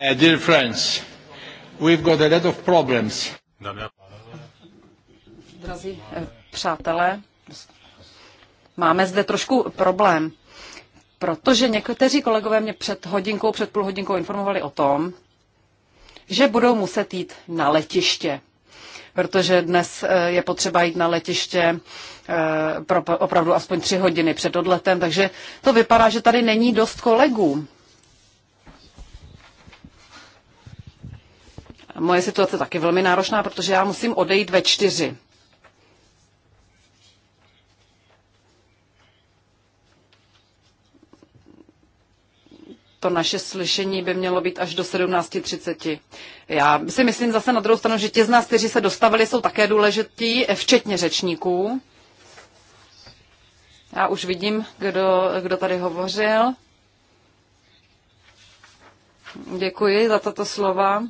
Uh, dear friends, we've got a lot of problems. Drazí eh, přátelé, máme zde trošku problém, protože někteří kolegové mě před hodinkou, před půl hodinkou informovali o tom, že budou muset jít na letiště, protože dnes eh, je potřeba jít na letiště eh, opravdu aspoň tři hodiny před odletem, takže to vypadá, že tady není dost kolegů. Moje situace taky velmi náročná, protože já musím odejít ve čtyři. to naše slyšení by mělo být až do 17.30. Já si myslím zase na druhou stranu, že ti z nás, kteří se dostavili, jsou také důležití, včetně řečníků. Já už vidím, kdo, kdo tady hovořil. Děkuji za tato slova.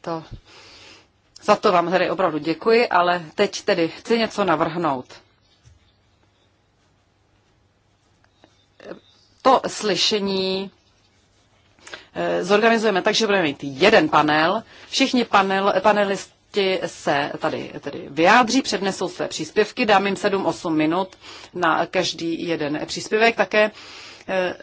to, za to vám tedy opravdu děkuji, ale teď tedy chci něco navrhnout. To slyšení eh, zorganizujeme tak, že budeme mít jeden panel. Všichni panel, panelisti se tady, tady vyjádří, přednesou své příspěvky, dám jim 7-8 minut na každý jeden příspěvek. Také eh,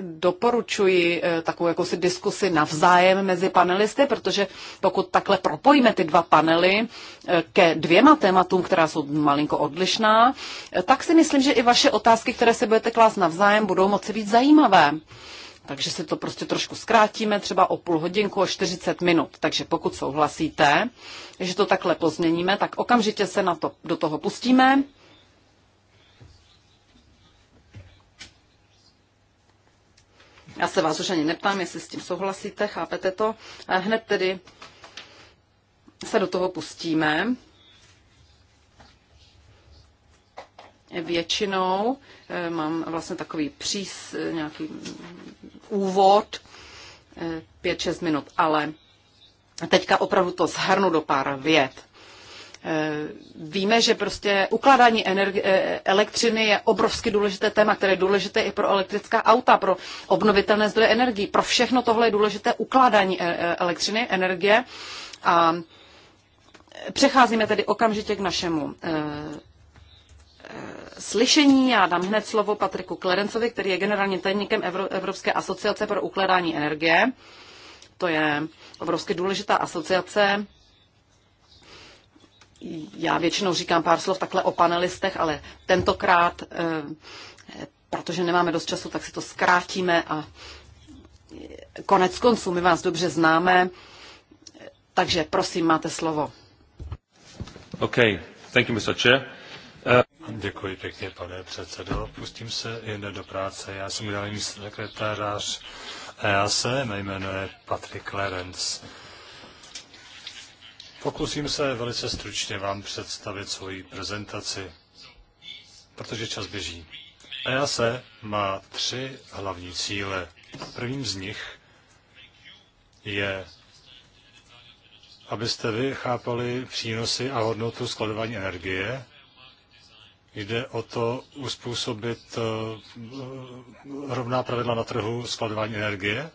doporučuji eh, takovou jakousi diskusi navzájem mezi panelisty, protože pokud takhle propojíme ty dva panely eh, ke dvěma tématům, která jsou malinko odlišná, eh, tak si myslím, že i vaše otázky, které se budete klást navzájem, budou moci být zajímavé. Takže si to prostě trošku zkrátíme, třeba o půl hodinku, o 40 minut. Takže pokud souhlasíte, že to takhle pozměníme, tak okamžitě se na to, do toho pustíme. Já se vás už ani neptám, jestli s tím souhlasíte, chápete to. Eh, hned tedy se do toho pustíme. Většinou eh, mám vlastně takový přís, eh, nějaký úvod, 5-6 minut, ale teďka opravdu to zhrnu do pár vět. Eh, víme, že prostě ukládání energi- eh, elektřiny je obrovsky důležité téma, které je důležité i pro elektrická auta, pro obnovitelné zdroje energii. Pro všechno tohle je důležité ukládání eh, elektřiny, energie. A přecházíme tedy okamžitě k našemu slyšení. Já dám hned slovo Patriku Klerencovi, který je generálním tajemníkem Evropské asociace pro ukládání energie. To je obrovsky důležitá asociace, já většinou říkám pár slov takhle o panelistech, ale tentokrát, eh, protože nemáme dost času, tak si to zkrátíme a eh, konec konců my vás dobře známe, takže prosím, máte slovo. OK, thank you, Mr. Chair. Eh, děkuji pěkně, pane předsedo. Pustím se jen do práce. Já jsem generální sekretář EASE, jmenuji Patrick Clarence. Pokusím se velice stručně vám představit svoji prezentaci, protože čas běží. EASE e má tři hlavní cíle. Prvním z nich je, abyste vy chápali přínosy a hodnotu skladování energie. Jde o to uspůsobit eh, rovná pravidla na trhu skladování energie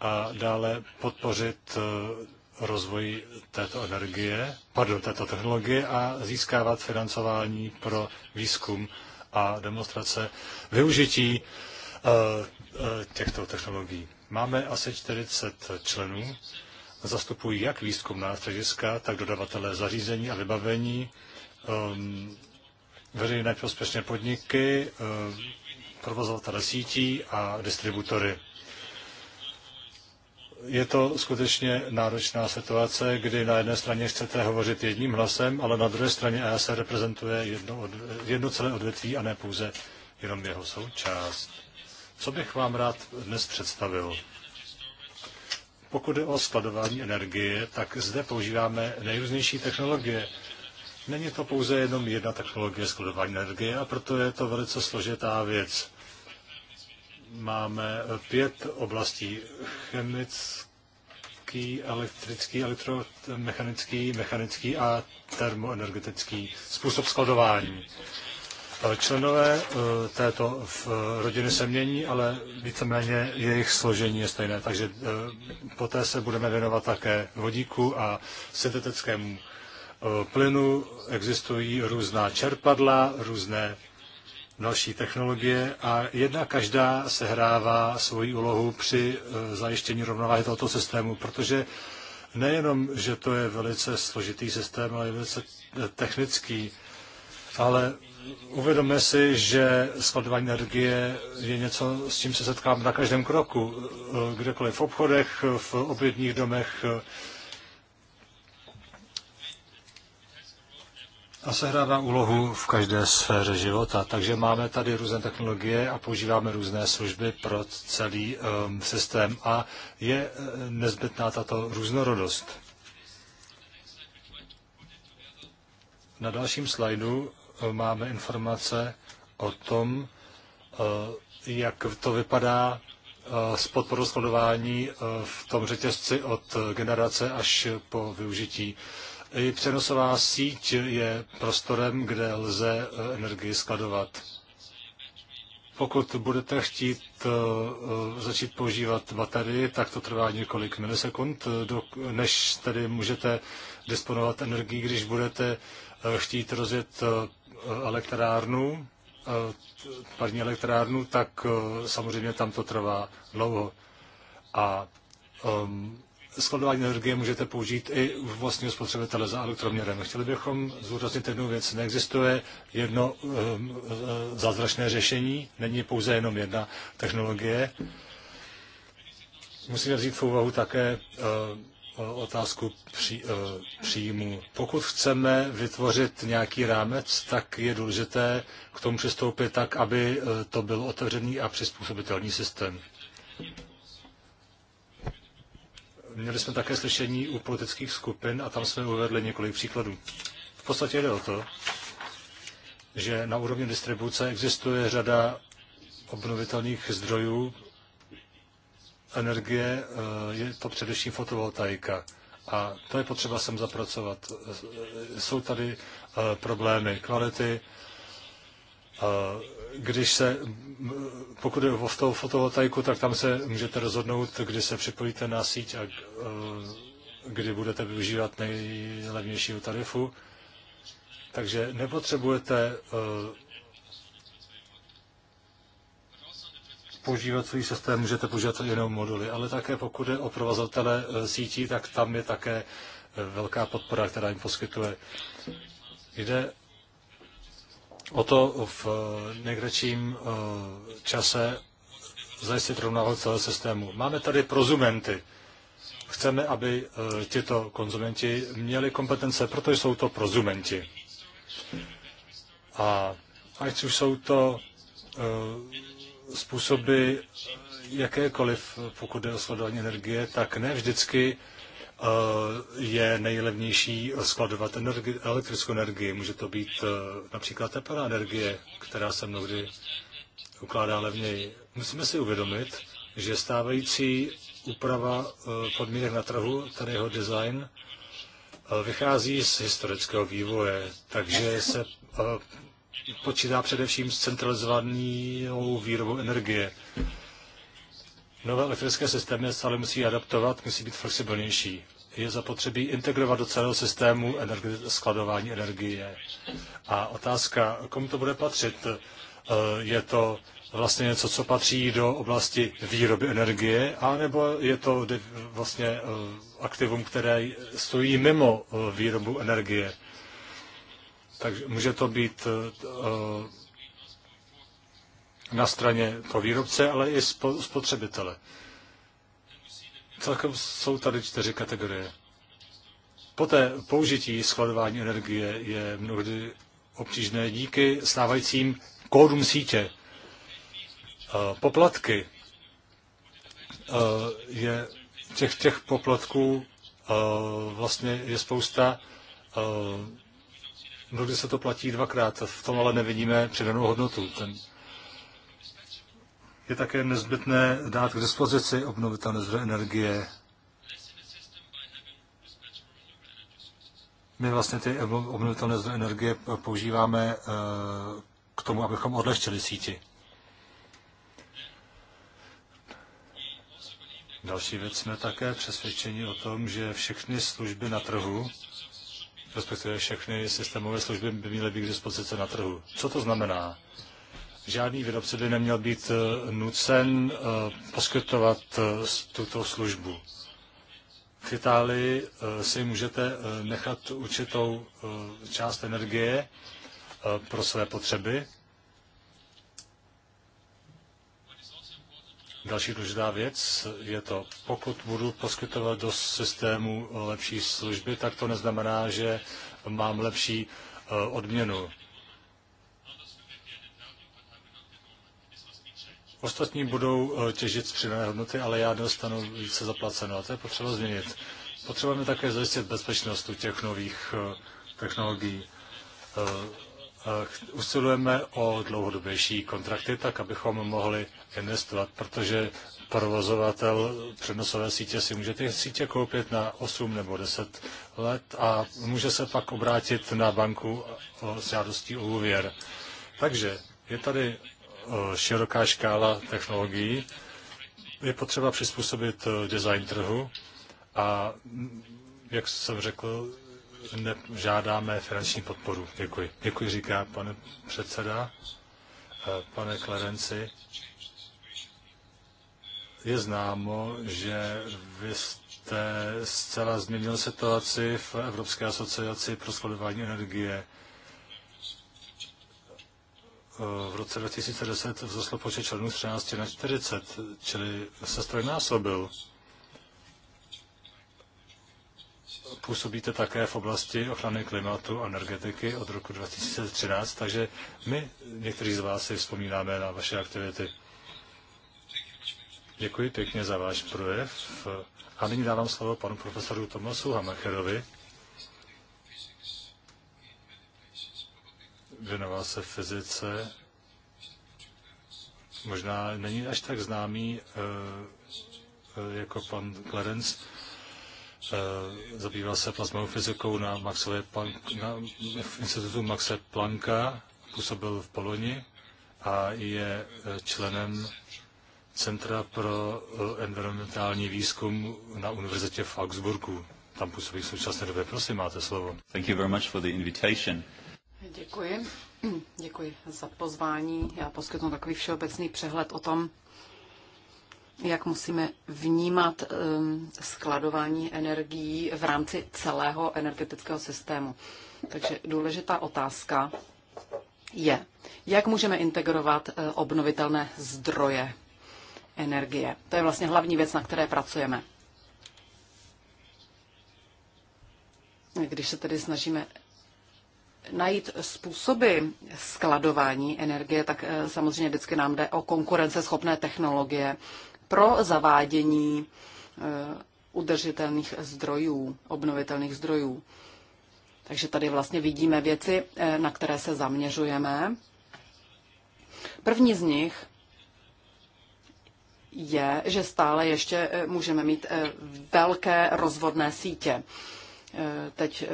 a dále podpořit eh, rozvoji této energie, pardon, této technologie a získávat financování pro výzkum a demonstrace využití eh, eh, těchto technologií. Máme asi 40 členů, zastupují jak výzkumná střediska, tak dodavatelé zařízení a vybavení, ehm, veřejné prospěšné podniky, ehm, provozovatele sítí a distributory je to skutečně náročná situace, kdy na jedné straně chcete hovořit jedním hlasem, ale na druhé straně EAS reprezentuje jedno, od, jedno celé odvětví a ne pouze jenom jeho součást. Co bych vám rád dnes představil? Pokud je o skladování energie, tak zde používáme nejrůznější technologie. Není to pouze jenom jedna technologie skladování energie a proto je to velice složitá věc máme pět oblastí. Chemický, elektrický, elektromechanický, mechanický a termoenergetický způsob skladování. Eh, členové eh, této v eh, rodiny se mění, ale víceméně jejich složení je stejné, takže poté se budeme věnovat také vodíku a syntetickému plynu. Existují různá čerpadla, různé další technologie a jedna každá sehrává svoji úlohu při eh, zajištění rovnováhy tohoto systému, protože nejenom, že to je velice složitý systém, ale je velice eh, technický, ale uvědomme si, že skladování energie je něco, s čím se setkáme na každém kroku, eh, kdekoliv v obchodech, v obědních domech, a sehrává úlohu v každé sféře života. Takže máme tady různé technologie a používáme různé služby pro celý um, systém a je eh, nezbytná tato různorodost. Na dalším slajdu eh, máme informace o tom, eh, jak to vypadá s podporou skladování v tom řetězci od generace až po využití i přenosová síť je prostorem, kde lze eh, energii skladovat. Pokud budete chtít eh, eh, začít používat baterii, tak to trvá několik milisekund, než tedy můžete disponovat energií. Když budete chtít rozjet elektrárnu, parní elektrárnu, tak samozřejmě tam to trvá dlouho. A um, skladování energie můžete použít i u vlastního spotřebitele za elektroměrem. Chtěli bychom zúraznit jednu věc. Neexistuje jedno um, zázračné řešení, není pouze jenom jedna technologie. Musíme vzít v úvahu také uh, otázku při, uh, e, příjmu. Pokud chceme vytvořit nějaký rámec, tak je důležité k tomu přistoupit tak, aby to byl otevřený a přizpůsobitelný systém. Měli jsme také slyšení u politických skupin a tam jsme uvedli několik příkladů. V podstatě jde o to, že na úrovni distribuce existuje řada obnovitelných zdrojů energie, eh, je to především fotovoltaika. A to je potřeba sem zapracovat. Eh, jsou tady eh, problémy kvality, když se, pokud je o tou fotovoltaiku, tak tam se můžete rozhodnout, kdy se připojíte na síť a eh, kdy budete využívat nejlevnějšího tarifu. Takže nepotřebujete eh, používat svůj systém, můžete používat jenom moduly, ale také pokud je o provazatele eh, sítí, tak tam je také velká podpora, která jim poskytuje. Jde o to v eh, nejkratším eh, čase zajistit rovnováhu celého systému. Máme tady prozumenty. Chceme, aby eh, tito konzumenti měli kompetence, protože jsou to prozumenti. A ať už jsou to způsoby jakékoliv, pokud jde o sledování energie, tak ne vždycky Eh, je nejlevnější skladovat energi- elektrickou energii. Může to být eh, například teplá energie, která se mnohdy ukládá levněji. Musíme si uvědomit, že stávající úprava eh, podmínek na trhu, ten jeho design, vychází z historického vývoje, takže se počítá především s centralizovanou výrobou energie. Nové elektrické systémy se ale musí adaptovat, musí být flexibilnější je zapotřebí integrovat do celého systému energi- skladování energie. A otázka, komu to bude patřit, eh, je to vlastně něco, co patří do oblasti výroby energie, anebo je to vlastně eh, aktivum, které stojí mimo eh, výrobu energie. Takže může to být na straně toho výrobce, ale i spotřebitele. Celkem jsou tady čtyři kategorie. Poté použití skladování energie je mnohdy obtížné díky stávajícím kódům sítě. E, poplatky e, je těch, těch poplatků e, vlastně je spousta. Mnohdy se to platí dvakrát, v tom ale nevidíme přidanou hodnotu. Ten je také nezbytné dát k dispozici obnovitelné zdroje energie. My vlastně ty obnovitelné zdroje energie používáme eh, k tomu, abychom odleštili síti. Další věc jsme také přesvědčeni o tom, že všechny služby na trhu, respektive všechny systémové služby by měly být k dispozici na trhu. Co to znamená? žádný výrobce by neměl být eh, nucen eh, poskytovat eh, tuto službu. V Itálii si můžete nechat určitou část energie pro své potřeby. Další důležitá věc je to, pokud budu poskytovat do systému lepší služby, tak to neznamená, že mám lepší odměnu. Ostatní budou eh, těžit z přidané hodnoty, ale já dostanu více zaplaceno. A to je potřeba změnit. Potřebujeme také zajistit bezpečnost u těch nových eh, technologií. Eh, usilujeme o dlouhodobější kontrakty, tak abychom mohli investovat, protože provozovatel přenosové sítě si může ty sítě koupit na 8 nebo 10 let a může se pak obrátit na banku s žádostí o úvěr. Takže je tady Eh, široká škála technologií. Je potřeba přizpůsobit eh, design trhu a, mm, jak jsem řekl, žádáme finanční podporu. Děkuji. Děkuji, říká pane předseda, eh, pane Klerenci. Je známo, že vy jste zcela změnil situaci v Evropské asociaci pro skladování energie. Eh, v roce 2010 vzrostl počet členů z 13 na 40, čili se strojnásobil. Působíte také v oblasti ochrany klimatu a energetiky od roku 2013, takže my, někteří z vás, si vzpomínáme na vaše aktivity. Děkuji pěkně za váš projev. A nyní dávám slovo panu profesoru Tomasu Hamacherovi. věnoval se fyzice. Možná není až tak známý eh, eh, jako pan Clarence. Eh, zabýval se plazmovou fyzikou na, Maxové Planck, na institutu Maxe Plancka, působil v Poloni a je členem Centra pro environmentální výzkum na univerzitě v Augsburgu. Tam působí v současné době. Prosím, máte slovo. Thank you very much for the invitation. Děkuji. Děkuji za pozvání. Já poskytnu takový všeobecný přehled o tom, jak musíme vnímat um, skladování energií v rámci celého energetického systému. Takže důležitá otázka je, jak můžeme integrovat eh, obnovitelné zdroje energie. To je vlastně hlavní věc, na které pracujeme. Když se tedy snažíme najít způsoby skladování energie, tak eh, samozřejmě vždycky nám jde o konkurenceschopné technologie pro zavádění eh, udržitelných zdrojů, obnovitelných zdrojů. Takže tady vlastně vidíme věci, eh, na které se zaměřujeme. První z nich je, že stále ještě můžeme mít velké rozvodné sítě. Teď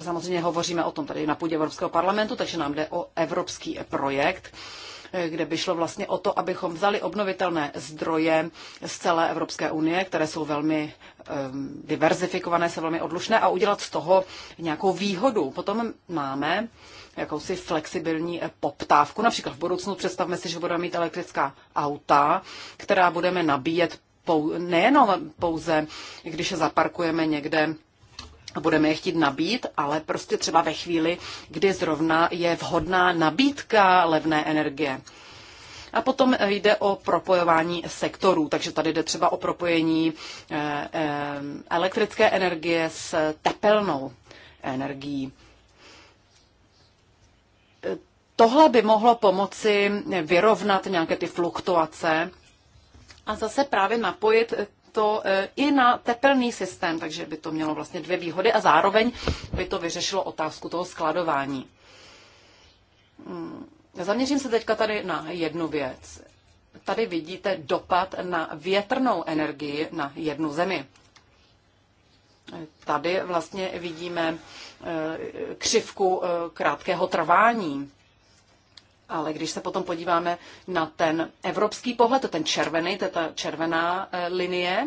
samozřejmě hovoříme o tom tady na půdě Evropského parlamentu, takže nám jde o evropský projekt eh, kde by šlo vlastně o to, abychom vzali obnovitelné zdroje z celé Evropské unie, které jsou velmi um, diverzifikované, se velmi odlušné a udělat z toho nějakou výhodu. Potom máme jakousi flexibilní eh, poptávku. Například v budoucnu představme si, že budeme mít elektrická auta, která budeme nabíjet pou, nejenom pouze, když je zaparkujeme někde budeme je chtít nabít, ale prostě třeba ve chvíli, kdy zrovna je vhodná nabídka levné energie. A potom eh, jde o propojování sektorů, takže tady jde třeba o propojení eh, eh, elektrické energie s tepelnou energií. Tohle by mohlo pomoci vyrovnat nějaké ty fluktuace a zase právě napojit to e, i na tepelný systém, takže by to mělo vlastně dvě výhody a zároveň by to vyřešilo otázku toho skladování. Hmm, zaměřím se teďka tady na jednu věc. Tady vidíte dopad na větrnou energii na jednu zemi. Tady vlastně vidíme e, křivku e, krátkého trvání. Ale když se potom podíváme na ten evropský pohled, to ten červený, to je ta červená eh, linie,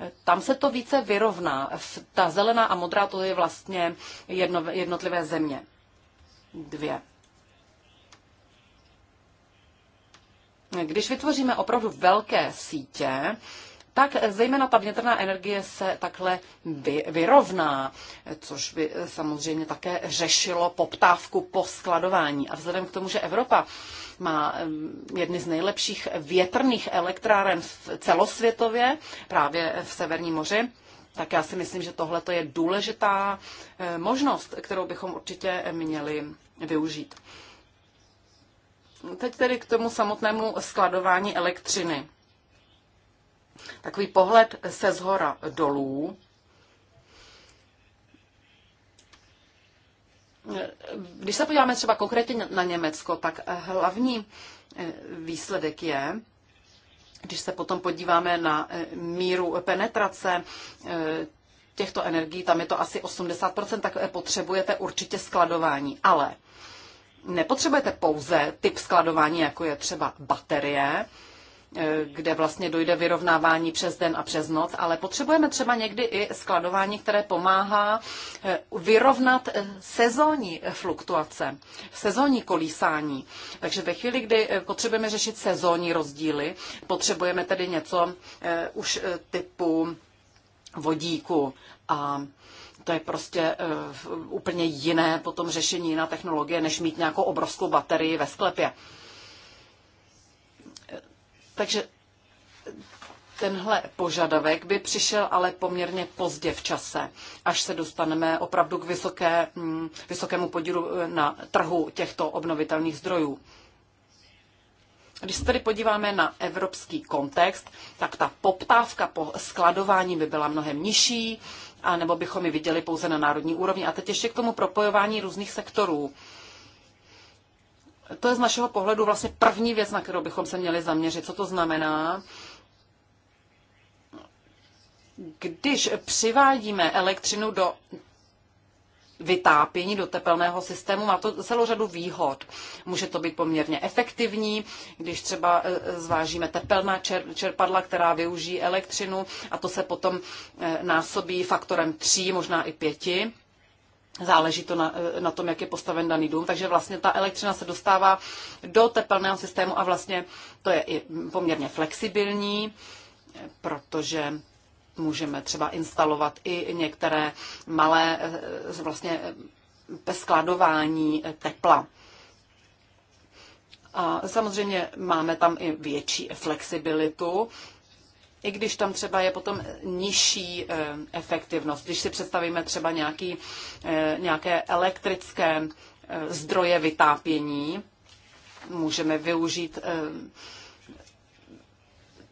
eh, tam se to více vyrovná. Ta zelená a modrá to je vlastně jedno, jednotlivé země. Dvě. Když vytvoříme opravdu velké sítě, tak zejména ta větrná energie se takhle vy, vyrovná, což by samozřejmě také řešilo poptávku po skladování. A vzhledem k tomu, že Evropa má mm, jedny z nejlepších větrných elektráren celosvětově, právě v Severním moři, tak já si myslím, že tohle je důležitá eh, možnost, kterou bychom určitě měli využít. Teď tedy k tomu samotnému skladování elektřiny takový pohled se zhora dolů. Když se podíváme třeba konkrétně na Německo, tak hlavní eh, výsledek je, když se potom podíváme na eh, míru penetrace eh, těchto energií, tam je to asi 80%, tak potřebujete určitě skladování. Ale nepotřebujete pouze typ skladování, jako je třeba baterie, Eh, kde vlastně dojde vyrovnávání přes den a přes noc, ale potřebujeme třeba někdy i skladování, které pomáhá eh, vyrovnat eh, sezónní fluktuace, sezónní kolísání. Takže ve chvíli, kdy potřebujeme řešit sezónní rozdíly, potřebujeme tedy něco už typu vodíku a to je prostě uh, úplně jiné potom řešení, na technologie, než mít nějakou obrovskou baterii ve sklepě. Takže tenhle požadavek by přišel ale poměrně pozdě v čase, až se dostaneme opravdu k vysoké, mm, vysokému podílu e, na trhu těchto obnovitelných zdrojů. Když se tedy podíváme na evropský kontext, tak ta poptávka po skladování by byla mnohem nižší, a nebo bychom ji viděli pouze na národní úrovni. A teď ještě k tomu propojování různých sektorů to je z našeho pohledu vlastně první věc, na kterou bychom se měli zaměřit. Co to znamená? Když přivádíme elektřinu do vytápění do tepelného systému. Má to celou řadu výhod. Může to být poměrně efektivní, když třeba e, e, zvážíme tepelná čerpadla, která využijí elektřinu a to se potom e, násobí faktorem 3, možná i 5 záleží to na, eh, na tom, jak je postaven daný dům, takže vlastně ta elektřina se dostává do tepelného systému a vlastně to je i poměrně flexibilní, protože můžeme třeba instalovat i některé malé eh, vlastně eh, bez skladování tepla. A samozřejmě máme tam i větší flexibilitu, i když tam třeba je potom nižší eh, efektivnost. Když si představíme třeba nějaký, eh, nějaké elektrické eh, zdroje vytápění, můžeme využít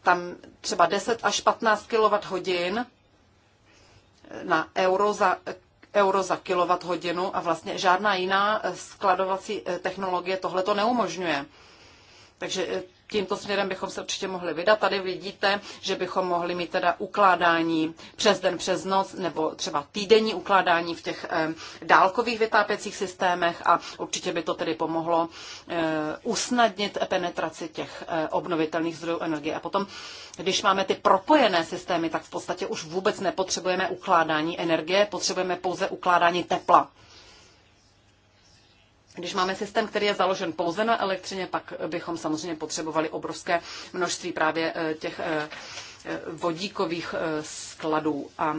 tam třeba 10 až 15 kWh na euro za, euro za kWh a vlastně žádná jiná skladovací technologie tohle to neumožňuje. Takže tímto směrem bychom se určitě mohli vydat. Tady vidíte, že bychom mohli mít teda ukládání přes den, přes noc, nebo třeba týdenní ukládání v těch eh, dálkových vytápěcích systémech a určitě by to tedy pomohlo eh, usnadnit penetraci těch eh, obnovitelných zdrojů energie. A potom, když máme ty propojené systémy, tak v podstatě už vůbec nepotřebujeme ukládání energie, potřebujeme pouze ukládání tepla. Když máme systém, který je založen pouze na elektřině, pak bychom samozřejmě potřebovali obrovské množství právě eh, těch eh, eh, vodíkových skladů. A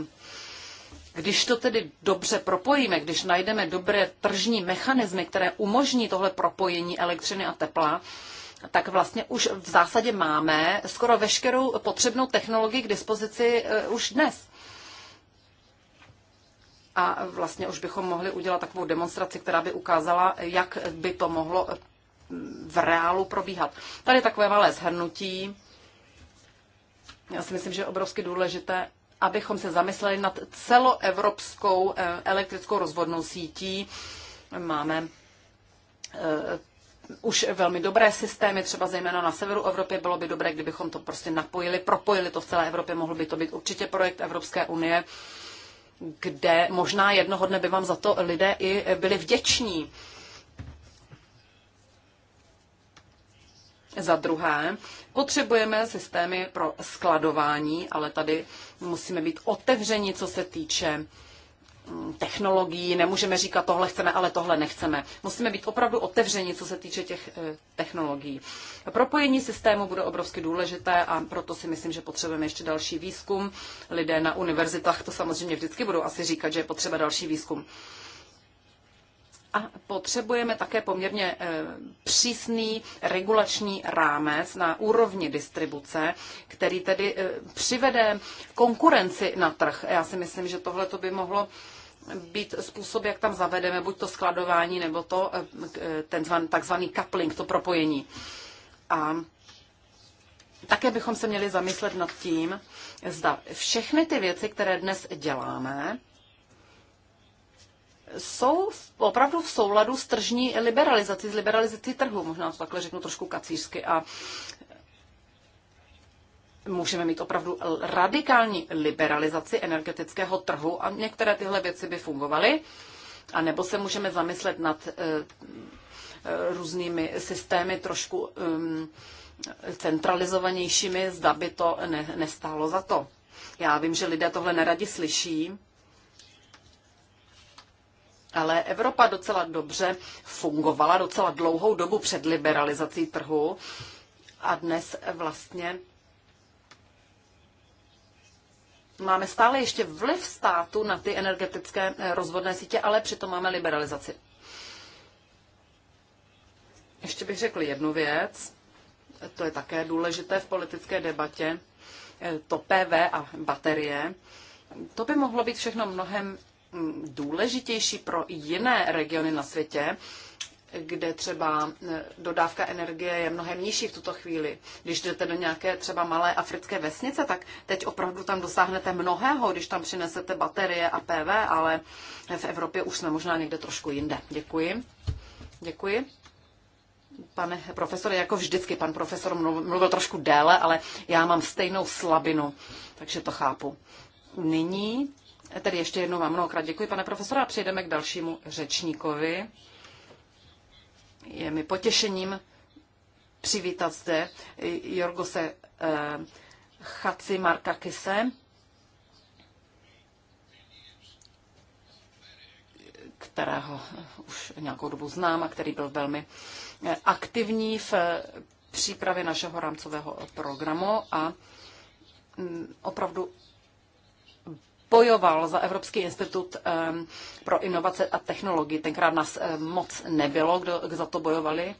když to tedy dobře propojíme, když najdeme dobré tržní mechanismy, které umožní tohle propojení elektřiny a tepla, tak vlastně už v zásadě máme skoro veškerou potřebnou technologii k dispozici už dnes a vlastně už bychom mohli udělat takovou demonstraci, která by ukázala, jak by to mohlo eh, v reálu probíhat. Tady takové malé shrnutí. Já si myslím, že je obrovsky důležité, abychom se zamysleli nad celoevropskou eh, elektrickou rozvodnou sítí. Máme eh, už velmi dobré systémy, třeba zejména na severu Evropy, bylo by dobré, kdybychom to prostě napojili, propojili to v celé Evropě, mohl by to být určitě projekt Evropské unie kde možná jednoho dne by vám za to lidé i byli vděční. Za druhé, potřebujeme systémy pro skladování, ale tady musíme být otevřeni, co se týče Mm, technologií, nemůžeme říkat tohle chceme, ale tohle nechceme. Musíme být opravdu otevřeni, co se týče těch eh, technologií. Propojení systému bude obrovsky důležité a proto si myslím, že potřebujeme ještě další výzkum. Lidé na univerzitách to samozřejmě vždycky budou asi říkat, že je potřeba další výzkum. A potřebujeme také poměrně eh, přísný regulační rámec na úrovni distribuce, který tedy eh, přivede konkurenci na trh. Já si myslím, že tohle to by mohlo být způsob, jak tam zavedeme buď to skladování, nebo to eh, eh, ten takzvaný coupling, to propojení. A také bychom se měli zamyslet nad tím, zda všechny ty věci, které dnes děláme, jsou opravdu v souladu s tržní liberalizací, s liberalizací trhu, možná to takhle řeknu trošku kacířsky. A můžeme mít opravdu radikální liberalizaci energetického trhu a některé tyhle věci by fungovaly. A nebo se můžeme zamyslet nad eh, eh, různými systémy trošku ehm, centralizovanějšími, zda by to ne, nestálo za to. Já vím, že lidé tohle neradi slyší, ale Evropa docela dobře fungovala docela dlouhou dobu před liberalizací trhu a dnes vlastně máme stále ještě vliv státu na ty energetické eh, rozvodné sítě, ale přitom máme liberalizaci. Ještě bych řekl jednu věc, to je také důležité v politické debatě, eh, to PV a baterie. To by mohlo být všechno mnohem mm, důležitější pro jiné regiony na světě, kde třeba eh, dodávka energie je mnohem nižší v tuto chvíli. Když jdete do nějaké třeba malé africké vesnice, tak teď opravdu tam dosáhnete mnohého, když tam přinesete baterie a PV, ale v Evropě už jsme možná někde trošku jinde. Děkuji. Děkuji. Pane profesore, jako vždycky, pan profesor mluvil trošku déle, ale já mám stejnou slabinu, takže to chápu. Nyní Tedy ještě jednou vám mnohokrát děkuji, pane profesore. a přejdeme k dalšímu řečníkovi. Je mi potěšením přivítat zde Jorgose eh, Chaci Kise, kterého už nějakou dobu znám a který byl velmi eh, aktivní v eh, přípravě našeho rámcového programu a mm, opravdu bojoval za Evropský institut pro inovace a technologii. Tenkrát nás moc nebylo, kdo za to bojovali.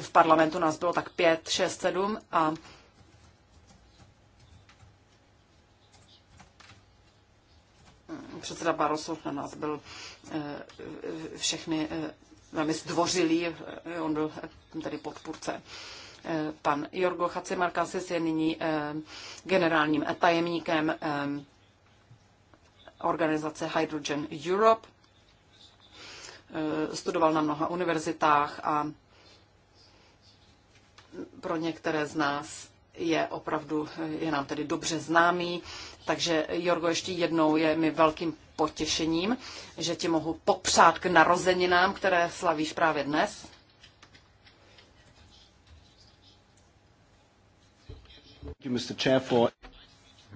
V parlamentu nás bylo tak pět, šest, sedm a předseda Barosov na nás byl eh, všechny eh, velmi zdvořilý, eh, on byl tedy podpůrce. Pan Jorgo Chacimarkasis je nyní generálním tajemníkem organizace Hydrogen Europe. Eh, studoval na mnoha univerzitách a pro některé z nás je opravdu, eh, je nám tedy dobře známý. Takže Jorgo, ještě jednou je mi velkým potěšením, že ti mohu popřát k narozeninám, které slavíš právě dnes.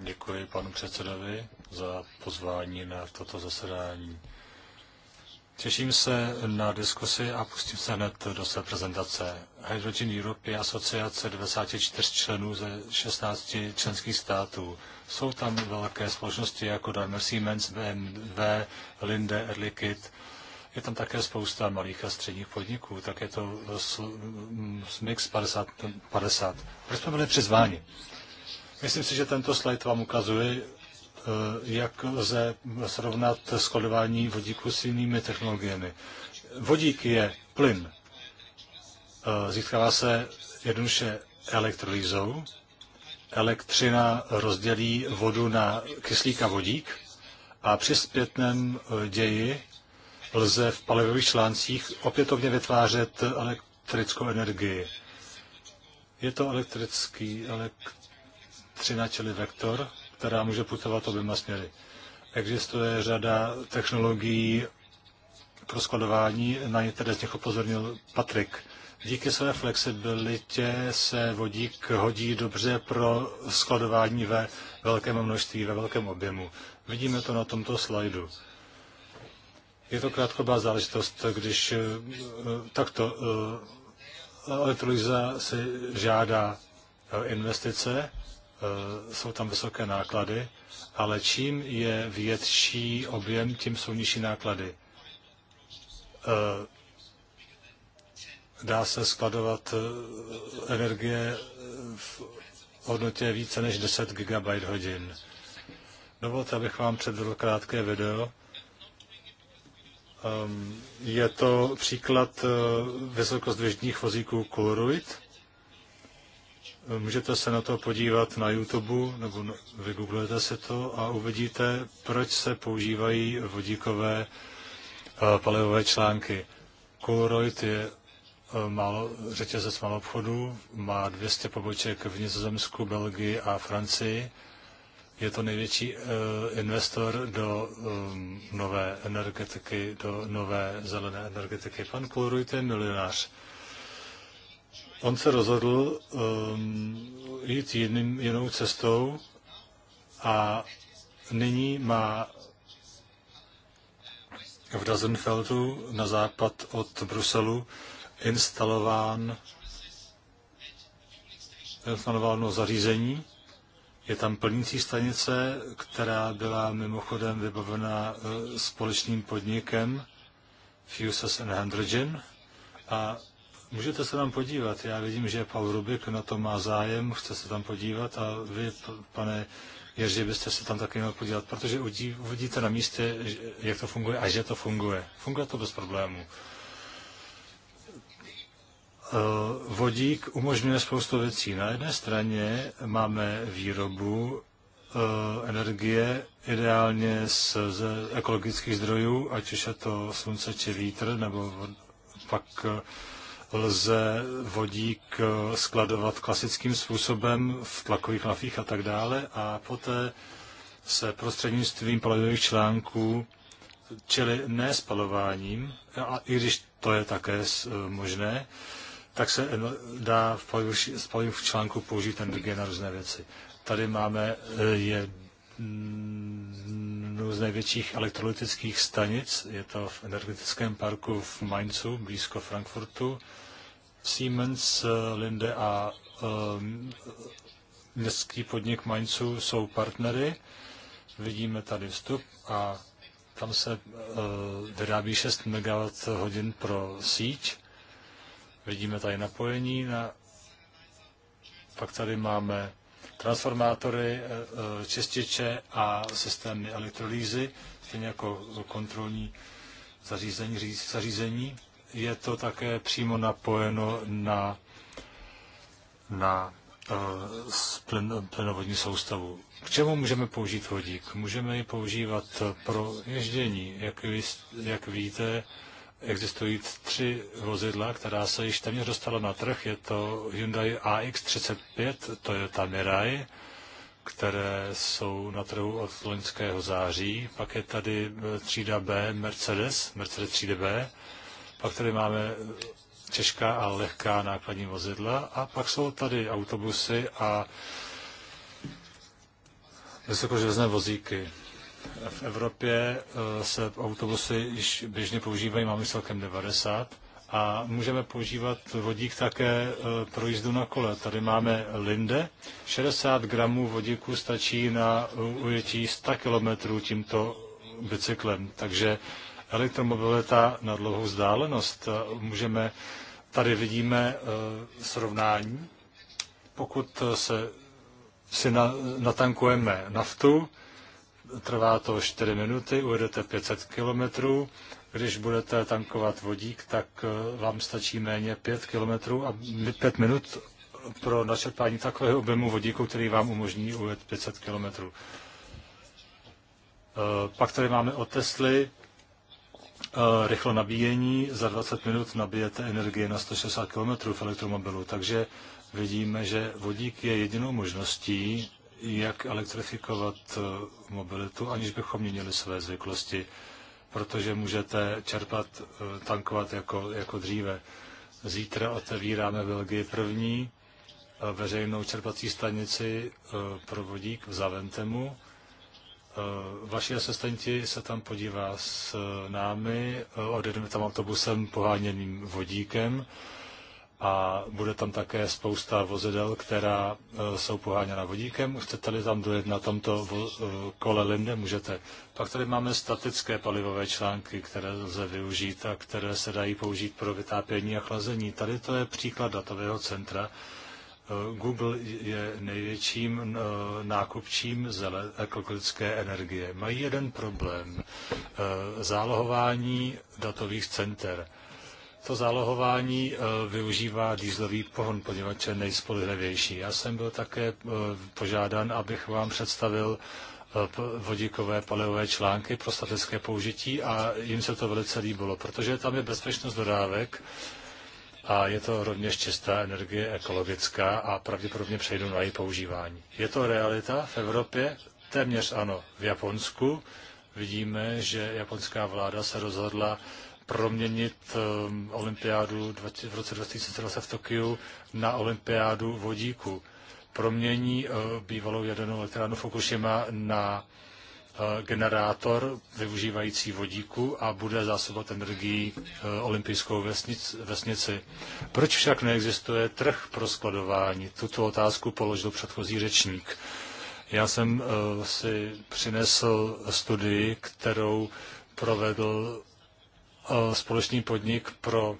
Děkuji panu předsedovi za pozvání na toto zasedání. Těším se na diskusi a pustím se hned do své prezentace. Hydrogen Europe je asociace 94 členů ze 16 členských států. Jsou tam velké společnosti jako Daimler Siemens, BMW, Linde, Erlikit. Je tam také spousta malých a středních podniků, tak je to mix 50. 50. Proč jsme byli přizváni? Myslím si, že tento slide vám ukazuje, eh, jak lze srovnat skladování vodíku s jinými technologiemi. Vodík je plyn. Eh, získává se jednoduše elektrolýzou. Elektřina rozdělí vodu na kyslík a vodík a při zpětném eh, ději lze v palivových článcích opětovně vytvářet elektrickou energii. Je to elektrický, elekt, elektřina, čili vektor, která může putovat oběma směry. Existuje řada technologií pro skladování, na některé z nich upozornil Patrik. Díky své flexibilitě se vodík hodí dobře pro skladování ve velkém množství, ve velkém objemu. Vidíme to na tomto slajdu. Je to krátkodobá záležitost, když eh, takto eh, elektrolyza si žádá eh, investice, Eh, jsou tam vysoké náklady, ale čím je větší objem, tím jsou nižší náklady. Eh, dá se skladovat eh, energie v hodnotě více než 10 GB hodin. Dovolte, abych vám předvedl krátké video. Ehm, je to příklad vysokozdvižních vozíků Coolruit. Můžete se na to podívat na YouTube, nebo vygooglete si to a uvidíte, proč se používají vodíkové eh, palivové články. Coloroid je eh, málo, řetězec malou obchodu, má 200 poboček v Nizozemsku, Belgii a Francii. Je to největší eh, investor do ehm, nové energetiky, do nové zelené energetiky. Pan Coloroid je milionář On se rozhodl um, jít jiným, jinou cestou a nyní má v Dazenfeldu na západ od Bruselu instalován instalováno zařízení. Je tam plnící stanice, která byla mimochodem vybavena eh, společným podnikem Fuses and Hydrogen a Můžete se tam podívat. Já vidím, že Paul Rubik na to má zájem, chce se tam podívat a vy, pane Jerzy, byste se tam taky měl podívat, protože uvidíte na místě, jak to funguje a že to funguje. Funguje to bez problémů. E, vodík umožňuje spoustu věcí. Na jedné straně máme výrobu e, energie ideálně z, z ekologických zdrojů, ať už je to slunce či vítr, nebo pak e, lze vodík eh, skladovat klasickým způsobem v tlakových lafích a tak dále a poté se prostřednictvím palivových článků, čili ne spalováním, a i když to je také eh, možné, tak se dá v palivových článku použít energie na různé věci. Tady máme eh, je jednu z největších elektrolytických stanic. Je to v energetickém parku v Mainzu, blízko Frankfurtu. Siemens, eh, Linde a um, městský podnik Mainzu jsou partnery. Vidíme tady vstup a tam se uh, vyrábí 6 MWh pro síť. Vidíme tady napojení. Na... Pak tady máme transformátory, eh, eh, čističe a systémy elektrolýzy, stejně jako kontrolní zařízení, zařízení. Je to také přímo napojeno na, na eh, plyn, plynovodní soustavu. K čemu můžeme použít vodík? Můžeme ji používat pro ježdění. Jak, vy, jak víte, Existují tři vozidla, která se již téměř dostala na trh. Je to Hyundai AX35, to je Mirai, které jsou na trhu od loňského září. Pak je tady e, třída B Mercedes, Mercedes 3 B. Pak tady máme těžká a lehká nákladní vozidla a pak jsou tady autobusy a vysokoživezné vozíky. V Evropě eh, se autobusy již běžně používají, máme celkem 90 a můžeme používat vodík také eh, pro jízdu na kole. Tady máme Linde. 60 gramů vodíku stačí na ujetí 100 kilometrů tímto bicyklem. Takže elektromobilita na dlouhou vzdálenost. Eh, můžeme, tady vidíme srovnání. Pokud se si natankujeme naftu, trvá to 4 minuty, ujedete 500 kilometrů, když budete tankovat vodík, tak eh, vám stačí méně 5 kilometrů a 5 minut pro načerpání takového objemu vodíku, který vám umožní ujet 500 kilometrů. Eh, pak tady máme od Tesly eh, rychlo nabíjení. Za 20 minut nabijete energie na 160 km v elektromobilu, takže vidíme, že vodík je jedinou možností, jak elektrifikovat eh, mobilitu, aniž bychom měnili své zvyklosti, protože můžete čerpat, eh, tankovat jako, jako dříve. Zítra otevíráme Belgii první eh, veřejnou čerpací stanici pro vodík v Zaventemu. Vaši asistenti se tam podívá s námi, odjedeme tam autobusem poháněným vodíkem a bude tam také spousta vozidel, která e, jsou poháněna vodíkem. Chcete-li tam dojet na tomto e, kole Linde, můžete. Pak tady máme statické palivové články, které lze využít a které se dají použít pro vytápění a chlazení. Tady to je příklad datového centra. E, Google je největším nákupčím ekologické energie. Mají jeden problém. Zálohování datových center to zálohování eh, využívá dýzlový pohon, poněvadž je nejspolehlivější. Já jsem byl také eh, požádán, abych vám představil eh, vodíkové palivové články pro statické použití a jim se to velice líbilo, protože tam je bezpečnost dodávek a je to rovněž čistá energie, ekologická a pravděpodobně přejdu na její používání. Je to realita v Evropě? Téměř ano. V Japonsku vidíme, že japonská vláda se rozhodla proměnit ehm, olympiádu v roce 2020 v Tokiu na olympiádu vodíku. Promění eh, bývalou jadernou elektrárnu Fukushima na eh, generátor využívající vodíku a bude zásobovat uh, olympijskou vesnic, vesnici. Proč však neexistuje trh pro skladování? Tuto otázku položil předchozí řečník. Já jsem si přinesl studii, kterou provedl Eh, společný podnik pro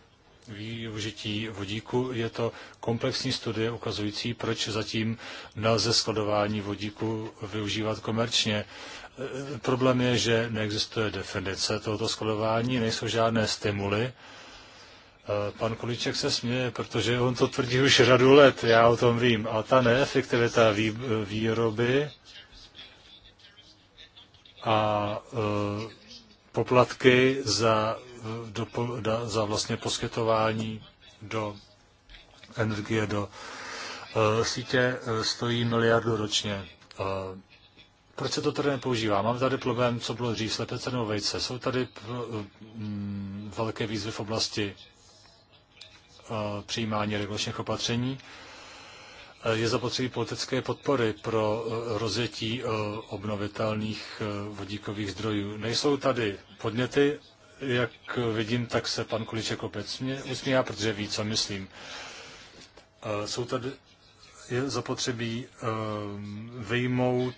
využití vodíku. Je to komplexní studie ukazující, proč zatím nelze skladování vodíku využívat komerčně. Eh, problém je, že neexistuje definice tohoto skladování, nejsou žádné stimuly. Eh, pan Količek se směje, protože on to tvrdí už řadu let, já o tom vím. A ta neefektivita výroby a poplatky za do, da, za vlastně poskytování do energie do uh, sítě eh, stojí miliardu ročně. Uh, proč se to tady nepoužívá? Mám tady problém, co bylo dřív, slepice nebo vejce. Jsou tady um, velké výzvy v oblasti uh, přijímání regulačních opatření. Je zapotřebí politické podpory pro rozjetí obnovitelných vodíkových zdrojů. Nejsou tady podněty, jak vidím, tak se pan Kuliček opět usmívá, protože ví, co myslím. Eh, jsou tady, je zapotřebí ehm, vyjmout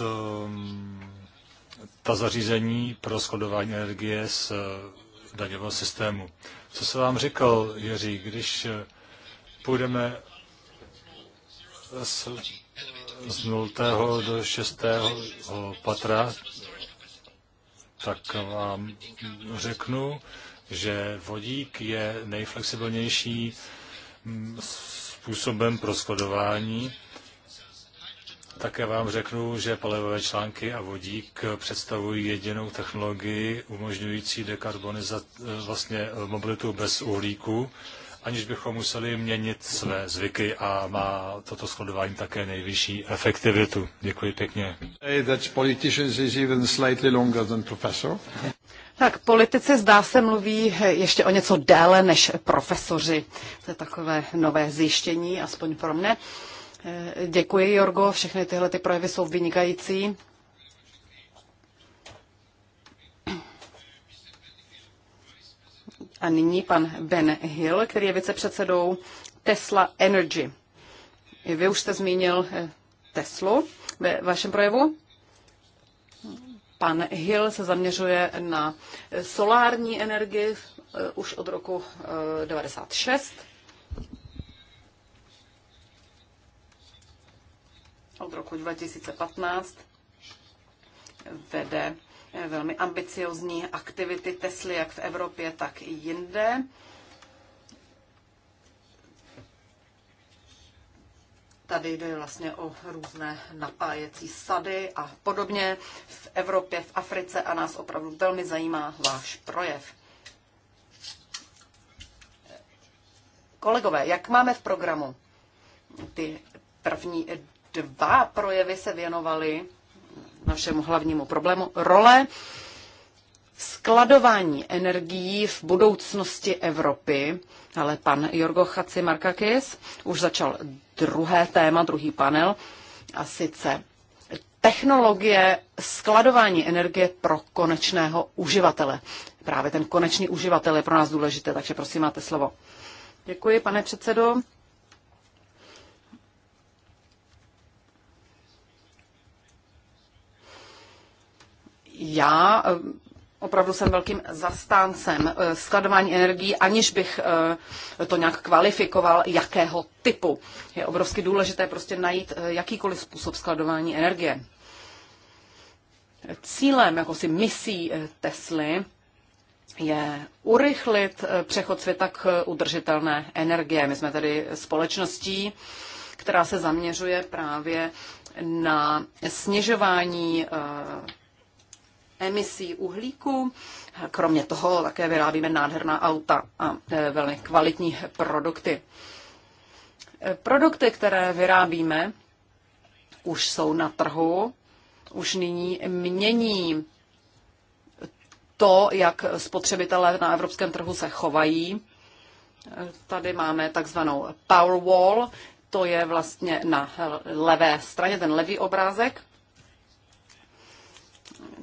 ehm, ta zařízení pro skladování energie z eh, daňového systému. Co se vám říkal, Jiří, když eh, půjdeme z, z 0. do 6. patra, tak vám řeknu, že vodík je nejflexibilnější mm, způsobem pro skladování. Také vám řeknu, že palivové články a vodík představují jedinou technologii umožňující dekarbonizaci eh, vlastně mobilitu bez uhlíku aniž bychom museli měnit své zvyky a má toto shodování také nejvyšší efektivitu. Děkuji pěkně. Tak politici zdá se mluví ještě o něco déle než profesoři. To je takové nové zjištění, aspoň pro mne. Eh, děkuji, Jorgo, všechny tyhle ty projevy jsou vynikající. A nyní pan Ben Hill, který je vicepředsedou Tesla Energy. Vy už jste zmínil eh, Teslu ve vašem projevu. Pan Hill se zaměřuje na eh, solární energii eh, už od roku 96. Od roku 2015 vede Eh, velmi ambiciozní aktivity Tesly jak v Evropě, tak i jinde. Tady jde vlastně o různé napájecí sady a podobně v Evropě, v Africe a nás opravdu velmi zajímá váš projev. Kolegové, jak máme v programu? Ty první dva projevy se věnovaly našemu hlavnímu problému, role skladování energií v budoucnosti Evropy. Ale pan Jorgo Chaci Markakis už začal druhé téma, druhý panel, a sice technologie skladování energie pro konečného uživatele. Právě ten konečný uživatel je pro nás důležité, takže prosím, máte slovo. Děkuji, pane předsedo. já eh, opravdu jsem velkým zastáncem eh, skladování energií, aniž bych eh, to nějak kvalifikoval, jakého typu. Je obrovsky důležité prostě najít jakýkoliv způsob skladování energie. Cílem, jako si misí Tesly, je urychlit přechod světa k udržitelné energie. My jsme tady společností, která se zaměřuje právě na snižování emisí uhlíku. Kromě toho také vyrábíme nádherná auta a e, velmi kvalitní produkty. E, produkty, které vyrábíme, už jsou na trhu, už nyní mění to, jak spotřebitelé na evropském trhu se chovají. E, tady máme takzvanou Powerwall, to je vlastně na levé straně ten levý obrázek.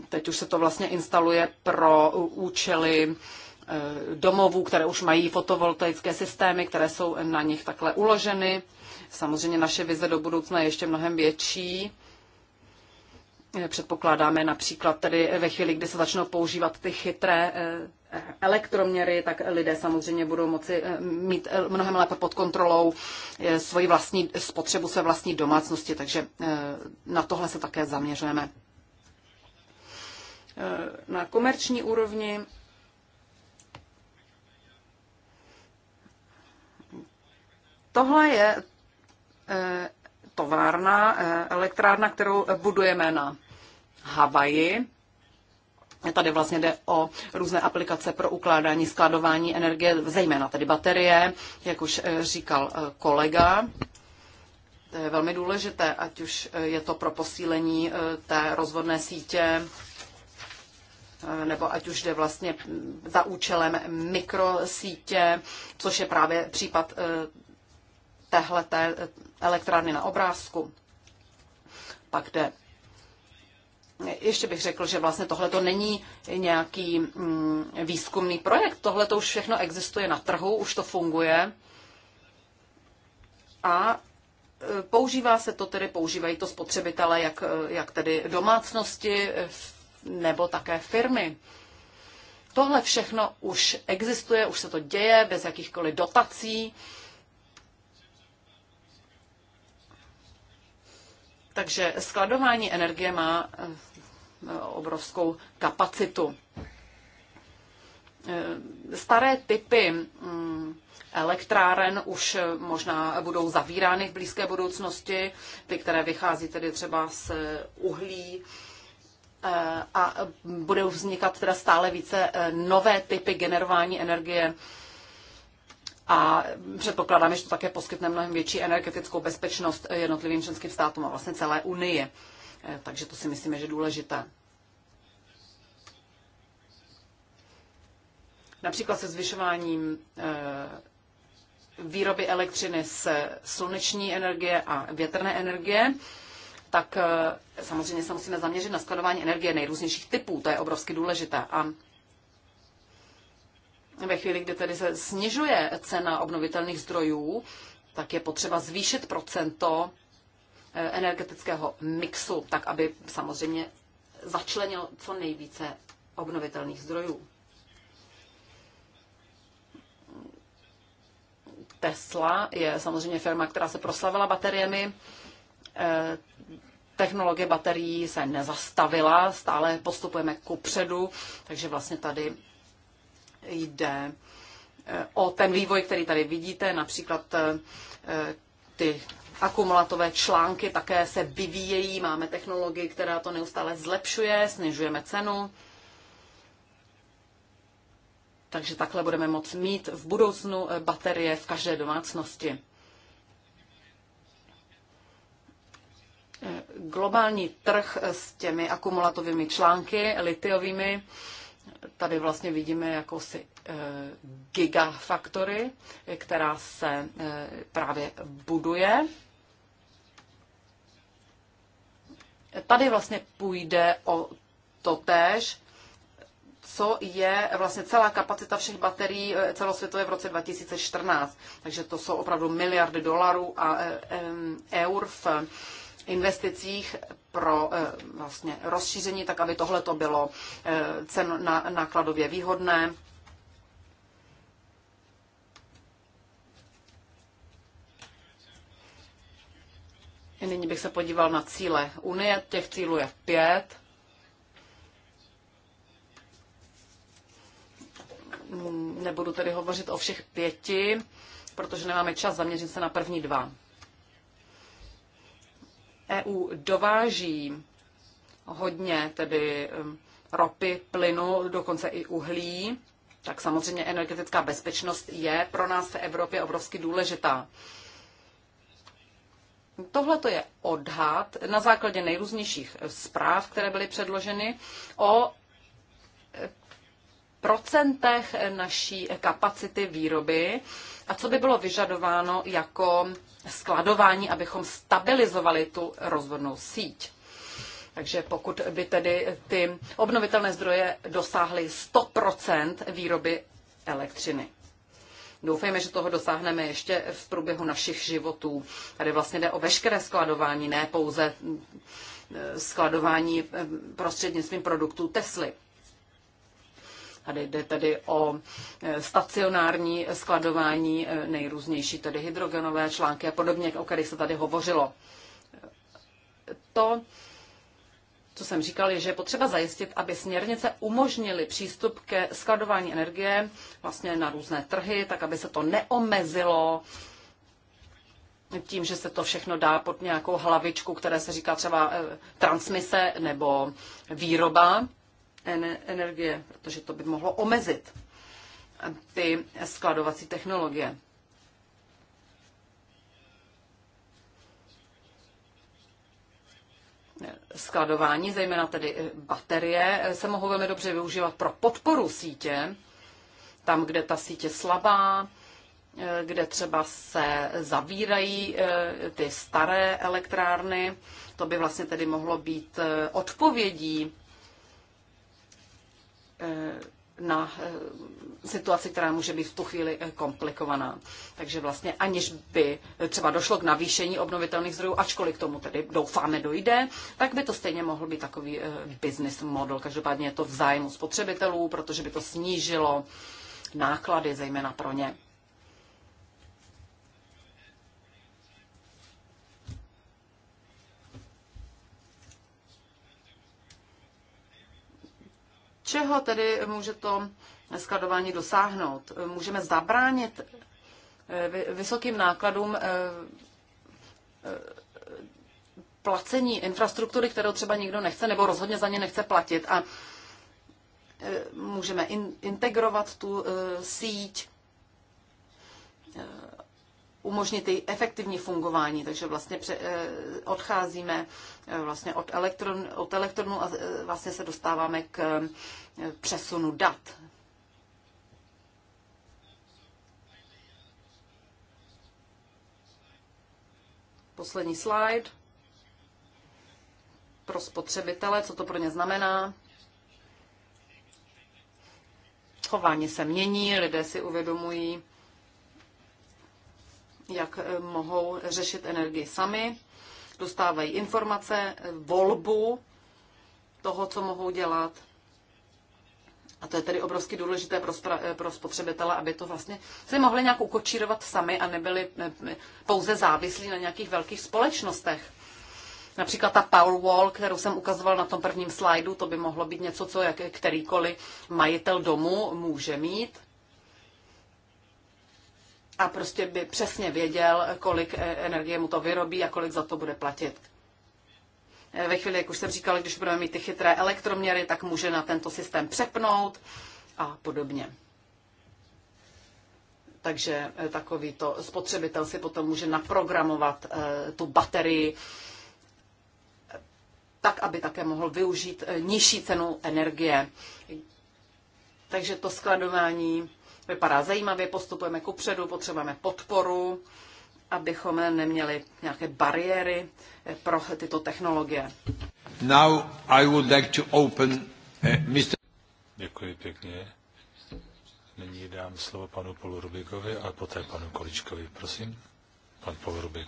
Teď už se to vlastně instaluje pro účely e, domovů, které už mají fotovoltaické systémy, které jsou na nich takhle uloženy. Samozřejmě naše vize do budoucna je ještě mnohem větší. Předpokládáme například tedy ve chvíli, kdy se začnou používat ty chytré e, elektroměry, tak lidé samozřejmě budou moci e, mít mnohem lépe pod kontrolou svoji vlastní spotřebu své vlastní domácnosti, takže na tohle se také zaměřujeme. Eh, na komerční úrovni. Tohle je eh, továrna, eh, elektrárna, kterou budujeme na Havaji. Tady vlastně jde o různé aplikace pro ukládání, skladování energie, zejména tedy baterie, jak už říkal kolega. To je velmi důležité, ať už je to pro posílení té rozvodné sítě nebo ať už jde vlastně za účelem mikrosítě, což je právě případ eh, téhleté eh, elektrárny na obrázku. Pak jde ještě bych řekl, že vlastně tohle to není nějaký mm, výzkumný projekt. Tohle to už všechno existuje na trhu, už to funguje. A eh, používá se to tedy, používají to spotřebitele, jak, jak tedy domácnosti v nebo také firmy. Tohle všechno už existuje, už se to děje bez jakýchkoliv dotací. Takže skladování energie má eh, obrovskou kapacitu. Eh, staré typy mm, elektráren už eh, možná budou zavírány v blízké budoucnosti, ty, které vychází tedy třeba z uhlí, Eh, a budou vznikat teda stále více eh, nové typy generování energie a předpokládáme, že to také poskytne mnohem větší energetickou bezpečnost eh, jednotlivým členským státům a vlastně celé Unii. Takže to si myslíme, že je důležité. Například se zvyšováním výroby elektřiny z sluneční energie a větrné energie tak eh, samozřejmě se musíme zaměřit na skladování energie nejrůznějších typů, to je obrovsky důležité. A ve chvíli, kdy tedy se snižuje cena obnovitelných zdrojů, tak je potřeba zvýšit procento eh, energetického mixu, tak aby samozřejmě začlenil co nejvíce obnovitelných zdrojů. Tesla je samozřejmě firma, která se proslavila bateriemi. Eh, technologie baterií se nezastavila, stále postupujeme ku předu, takže vlastně tady jde eh, o ten vývoj, který tady vidíte, například eh, ty akumulatové články také se vyvíjejí, máme technologii, která to neustále zlepšuje, snižujeme cenu. Takže takhle budeme moct mít v budoucnu baterie v každé domácnosti. globální trh s těmi akumulatovými články, litiovými, tady vlastně vidíme jakousi eh, gigafaktory, která se eh, právě buduje. Tady vlastně půjde o to též, co je vlastně celá kapacita všech baterií eh, celosvětově v roce 2014. Takže to jsou opravdu miliardy dolarů a eur v investicích pro eh, vlastně rozšíření, tak aby tohle to bylo eh, cen, na, nákladově výhodné. Nyní bych se podíval na cíle Unie. Těch cílů je pět. Nebudu tedy hovořit o všech pěti, protože nemáme čas zaměřit se na první dva. EU dováží hodně tedy um, ropy, plynu, dokonce i uhlí, tak samozřejmě energetická bezpečnost je pro nás v Evropě obrovsky důležitá. Tohle je odhad na základě nejrůznějších zpráv, které byly předloženy o procentech naší kapacity výroby a co by bylo vyžadováno jako skladování, abychom stabilizovali tu rozvodnou síť. Takže pokud by tedy ty obnovitelné zdroje dosáhly 100% výroby elektřiny. Doufejme, že toho dosáhneme ještě v průběhu našich životů. Tady vlastně jde o veškeré skladování, ne pouze eh, skladování eh, prostřednictvím produktů Tesly. Tady jde tedy o e, stacionární skladování e, nejrůznější, tedy hydrogenové články a podobně, o kterých se tady hovořilo. To, co jsem říkal, je, že je potřeba zajistit, aby směrnice umožnily přístup ke skladování energie vlastně na různé trhy, tak aby se to neomezilo tím, že se to všechno dá pod nějakou hlavičku, které se říká třeba e, transmise nebo výroba energie, protože to by mohlo omezit ty skladovací technologie. Skladování, zejména tedy eh, baterie, eh, se mohou velmi dobře využívat pro podporu sítě, tam, kde ta sítě je slabá, eh, kde třeba se zavírají ty staré elektrárny. To by vlastně tedy mohlo být odpovědí Eh, na eh, situaci, která může být v tu chvíli eh, komplikovaná. Takže vlastně aniž by třeba došlo k navýšení obnovitelných zdrojů, ačkoliv k tomu tedy doufáme dojde, tak by to stejně mohl být takový business model. Každopádně je to v zájmu spotřebitelů, protože by to snížilo náklady, zejména pro ně. Čeho tedy může to skladování dosáhnout? Můžeme zabránit eh, vysokým nákladům eh, eh, placení infrastruktury, kterou třeba nikdo nechce nebo rozhodně za ně nechce platit. A můžeme in, integrovat tu síť umožnit její efektivní fungování. Takže vlastně eh, odcházíme eh, vlastně od, elektron, od elektronu a eh, vlastně se dostáváme k přesunu dat. Poslední slide pro spotřebitele, co to pro ně znamená. Chování se mění, lidé si uvědomují, jak eh, mohou řešit energii sami, dostávají informace, volbu toho, co mohou dělat. A to je tedy obrovsky důležité pro, eh, pro spotřebitele, aby to vlastně si mohli nějak ukočírovat sami a nebyli eh, pouze závislí na nějakých velkých společnostech. Například ta Wall, kterou jsem ukazoval na tom prvním slajdu, to by mohlo být něco, co jak, kterýkoliv majitel domu může mít a prostě by přesně věděl, kolik eh, energie mu to vyrobí a kolik za to bude platit. Eh, ve chvíli, jak už jsem říkal, když budeme mít ty chytré elektroměry, tak může na tento systém přepnout a podobně. Takže eh, takový to spotřebitel si potom může naprogramovat tu baterii tak, aby také mohl využít nižší cenu energie. Takže to skladování vypadá zajímavě, postupujeme kupředu, potřebujeme podporu, abychom neměli nějaké bariéry pro tyto technologie. Now I would like to open, uh, Mr. Děkuji pěkně. Nyní dám slovo panu Rubikovi a poté panu Količkovi. Prosím. Pan Rubik.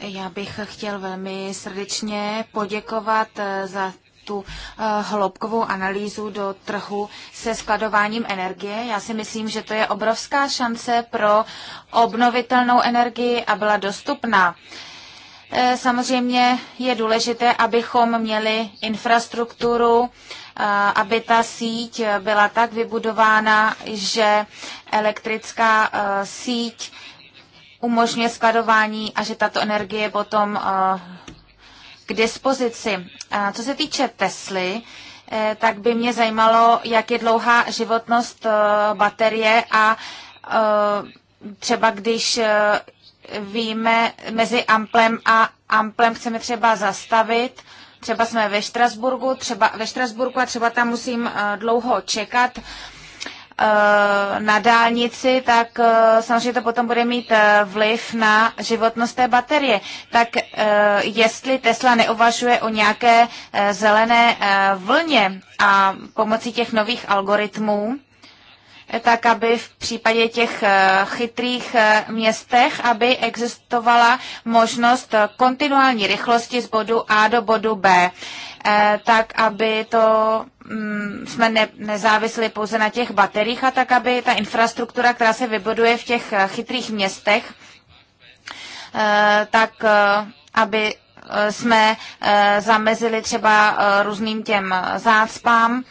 Já bych chtěl velmi srdečně poděkovat eh, za tu eh, hloubkovou analýzu do trhu se skladováním energie. Já si myslím, že to je obrovská šance pro obnovitelnou energii a byla dostupná. Eh, samozřejmě je důležité, abychom měli infrastrukturu, eh, aby ta síť byla tak vybudována, že elektrická síť umožňuje skladování a že tato energie potom k dispozici. A co se týče Tesly, eh, tak by mě zajímalo, jak je dlouhá životnost eh, baterie a eh, třeba když víme mezi amplem a amplem chceme třeba zastavit, třeba jsme ve Štrasburgu, třeba ve Štrasburgu a třeba tam musím dlouho čekat, Eh, na dálnici, tak eh, samozřejmě to potom bude mít eh, vliv na životnost té baterie. Tak jestli Tesla neuvažuje o nějaké zelené vlně a pomocí těch nových algoritmů, tak aby v případě těch eh, chytrých eh, městech, aby existovala možnost eh, kontinuální rychlosti z bodu A do bodu B, tak aby to mm, jsme ne, nezávisli pouze na těch bateriích a tak, aby ta infrastruktura, která se vybuduje v těch chytrých městech, tak aby jsme zamezili třeba různým těm zácpám,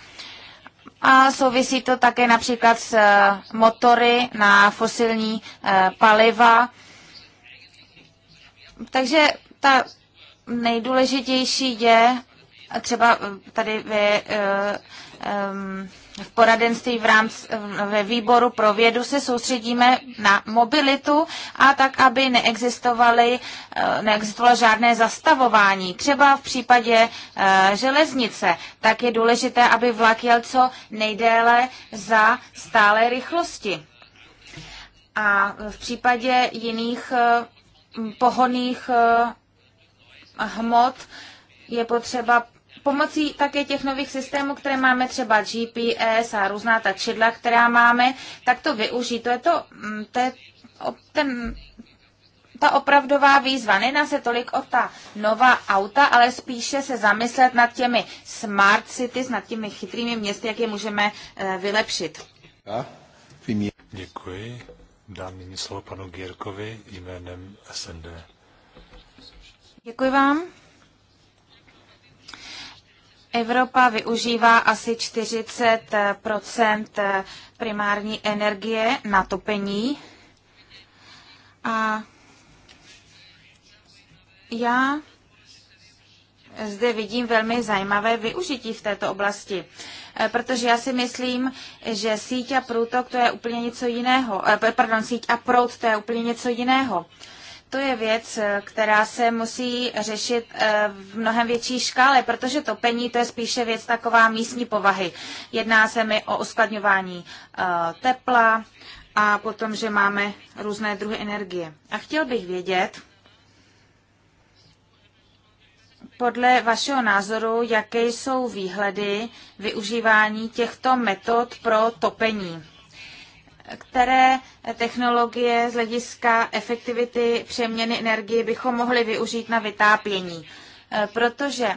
a souvisí to také například s eh, motory na fosilní eh, paliva. Takže ta nejdůležitější je třeba eh, tady ve um, v poradenství v rámci, ve výboru pro vědu se soustředíme na mobilitu a tak, aby neexistovaly, eh, neexistovalo žádné zastavování. Třeba v případě eh, železnice, tak je důležité, aby vlak jel co nejdéle za stále rychlosti. A v případě jiných eh, pohoných hmot je potřeba pomocí také těch nových systémů, které máme třeba GPS a různá ta čidla, která máme, tak to využít. To je to, mm, to je ten, ta opravdová výzva. Nejedná se tolik o ta nová auta, ale spíše se zamyslet nad těmi smart cities, nad těmi chytrými městy, jak je můžeme eh, vylepšit. Děkuji. Dám nyní slovo panu Gírkovi jménem SND. Děkuji vám. Evropa využívá asi 40 primární energie na topení a já zde vidím velmi zajímavé využití v této oblasti, eh, protože já si myslím, že síť a průtok to je úplně něco jiného, eh, pardon, síť a prout to je úplně něco jiného to je věc, eh, která se musí řešit eh, v mnohem větší škále, protože topení to je spíše věc taková místní povahy. Jedná se mi o uskladňování eh, tepla a potom, že máme různé druhy energie. A chtěl bych vědět, podle vašeho názoru, jaké jsou výhledy využívání těchto metod pro topení které technologie z hlediska efektivity přeměny energie bychom mohli využít na vytápění. E, protože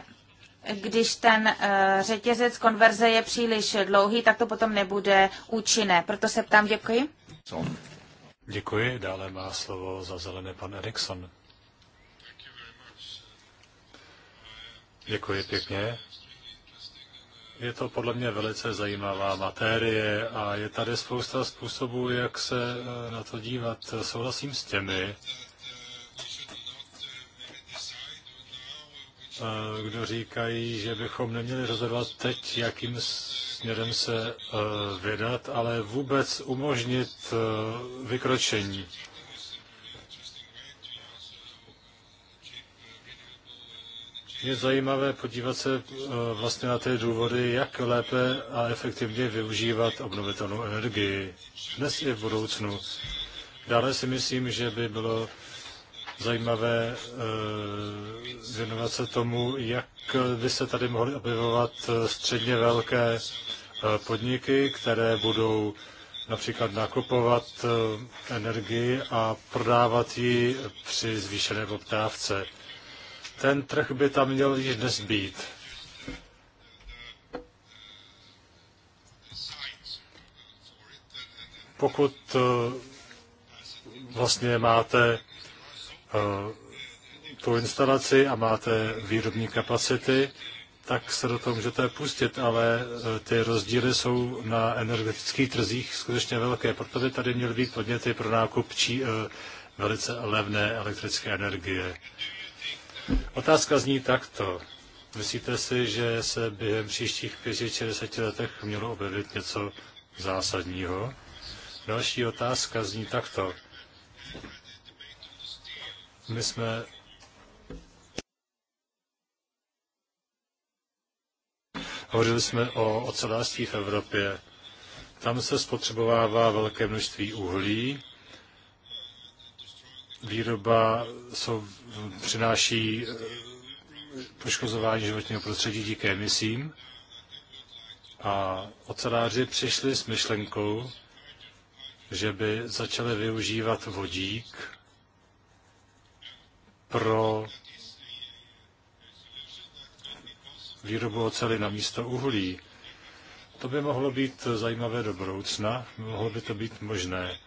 když ten e, řetězec konverze je příliš dlouhý, tak to potom nebude účinné. Proto se ptám, děkuji. Děkuji. Dále má slovo za zelené pan Erikson. Děkuji pěkně. Je to podle mě velice zajímavá materie a je tady spousta způsobů, jak se eh, na to dívat. Souhlasím s těmi, eh, kdo říkají, že bychom neměli rozhodovat teď, jakým směrem se eh, vydat, ale vůbec umožnit vykročení. Je zajímavé podívat se eh, vlastně na ty důvody, jak lépe a efektivně využívat obnovitelnou energii dnes i v budoucnu. Dále si myslím, že by bylo zajímavé eh, věnovat se tomu, jak by se tady mohly objevovat eh, středně velké podniky, které budou například nakupovat energii a prodávat ji při zvýšené poptávce. Ten trh by tam měl již dnes být. Pokud eh, vlastně máte eh, tu instalaci a máte výrobní kapacity, tak se do toho můžete pustit, ale eh, ty rozdíly jsou na energetických trzích skutečně velké. Proto by tady měly být podněty pro nákup či velice levné elektrické energie. Otázka zní takto. Myslíte si, že se během příštích 5 letech mělo objevit něco zásadního? Další otázka zní takto. My jsme Hovořili jsme o ocelářství v Evropě. Tam se spotřebovává velké množství uhlí výroba jsou, přináší eh, poškozování životního prostředí díky emisím. A oceláři přišli s myšlenkou, že by začali využívat vodík pro výrobu oceli na místo uhlí. To by mohlo být zajímavé do budoucna, mohlo by to být možné.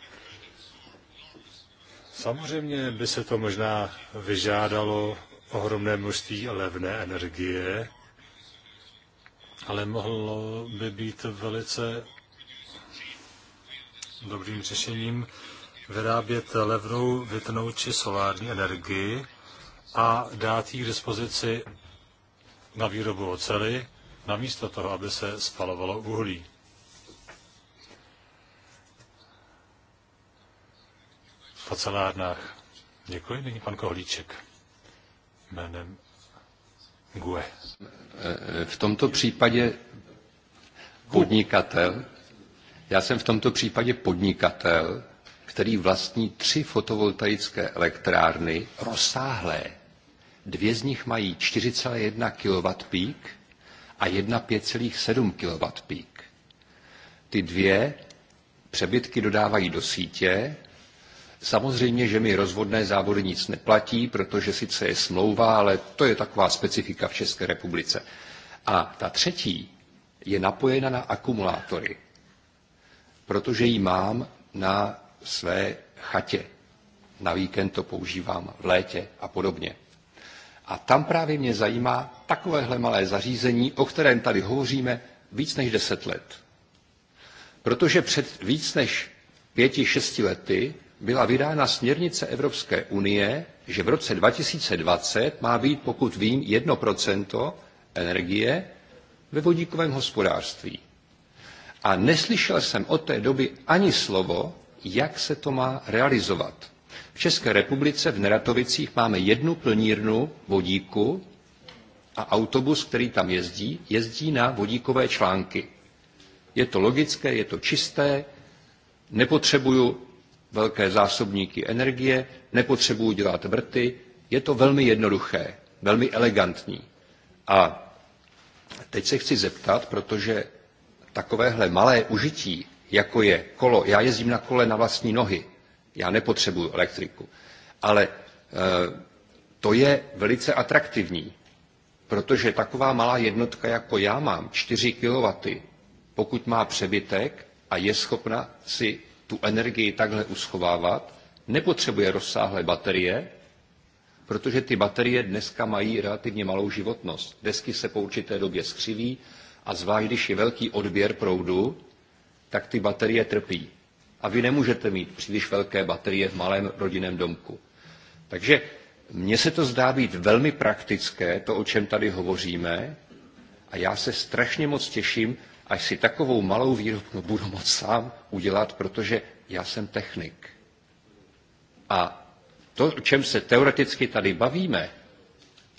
Samozřejmě by se to možná vyžádalo ohromné množství levné energie, ale mohlo by být velice dobrým řešením vyrábět levnou větrnou či solární energii a dát ji k dispozici na výrobu ocely, namísto toho, aby se spalovalo uhlí. v ocelárnách. Děkuji, nyní pan Kohlíček jménem GUE. V tomto případě podnikatel, já jsem v tomto případě podnikatel, který vlastní tři fotovoltaické elektrárny rozsáhlé. Dvě z nich mají 4,1 kW pík a jedna 5,7 kW pík. Ty dvě přebytky dodávají do sítě Samozřejmě, že mi rozvodné závody nic neplatí, protože sice je smlouva, ale to je taková specifika v České republice. A ta třetí je napojena na akumulátory, protože ji mám na své chatě. Na víkend to používám v létě a podobně. A tam právě mě zajímá takovéhle malé zařízení, o kterém tady hovoříme víc než deset let. Protože před víc než pěti, šesti lety byla vydána směrnice Evropské unie, že v roce 2020 má být, pokud vím, 1% energie ve vodíkovém hospodářství. A neslyšel jsem od té doby ani slovo, jak se to má realizovat. V České republice v Neratovicích máme jednu plnírnu vodíku a autobus, který tam jezdí, jezdí na vodíkové články. Je to logické, je to čisté, nepotřebuju velké zásobníky energie, nepotřebují dělat vrty, je to velmi jednoduché, velmi elegantní. A teď se chci zeptat, protože takovéhle malé užití, jako je kolo, já jezdím na kole na vlastní nohy, já nepotřebuji elektriku, ale e, to je velice atraktivní, protože taková malá jednotka, jako já mám, 4 kW, pokud má přebytek a je schopna si tu energii takhle uschovávat, nepotřebuje rozsáhlé baterie, protože ty baterie dneska mají relativně malou životnost. Desky se po určité době skřiví a zvlášť, když je velký odběr proudu, tak ty baterie trpí. A vy nemůžete mít příliš velké baterie v malém rodinném domku. Takže mně se to zdá být velmi praktické, to, o čem tady hovoříme, a já se strašně moc těším, až si takovou malou výrobnu budu moct sám udělat, protože já jsem technik. A to, o čem se teoreticky tady bavíme,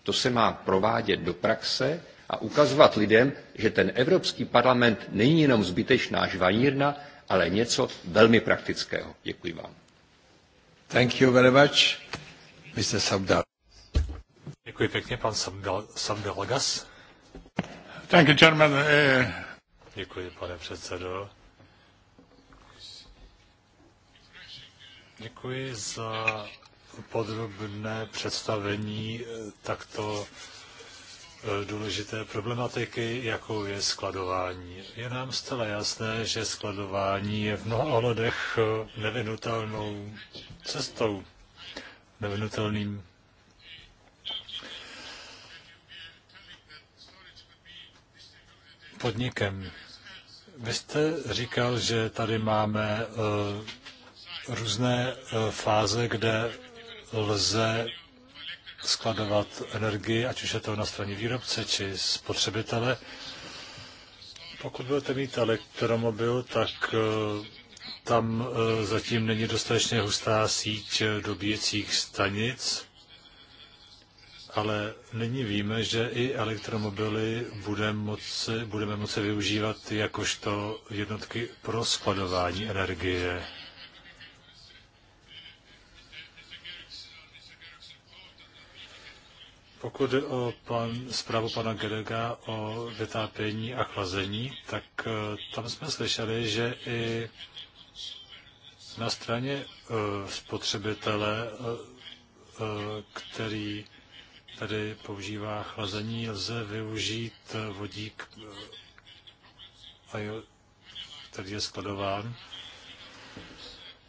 to se má provádět do praxe a ukazovat lidem, že ten Evropský parlament není jenom zbytečná žvanírna, ale něco velmi praktického. Děkuji vám. Thank you very much, Mr. Sabdal. Děkuji pěkně, pan Sabdalagas. Thank you, gentlemen. Uh... Děkuji, pane předsedo. Děkuji za podrobné představení eh, takto eh, důležité problematiky, jakou je skladování. Je nám zcela jasné, že skladování je v mnoha ohledech eh, nevinutelnou cestou, nevinutelným podnikem. Vy jste říkal, že tady máme eh, různé eh, fáze, kde lze skladovat energii, ať už je to na straně výrobce či spotřebitele. Pokud budete mít elektromobil, tak eh, tam zatím není dostatečně hustá síť dobíjecích stanic ale nyní víme, že i elektromobily budeme moci, budeme moci využívat jakožto jednotky pro skladování energie. Pokud jde o pan, zprávu pana Gerega o vytápění a chlazení, tak eh, tam jsme slyšeli, že i na straně eh, spotřebitele, eh, který Tady používá chlazení, lze využít vodík, eh, který je skladován.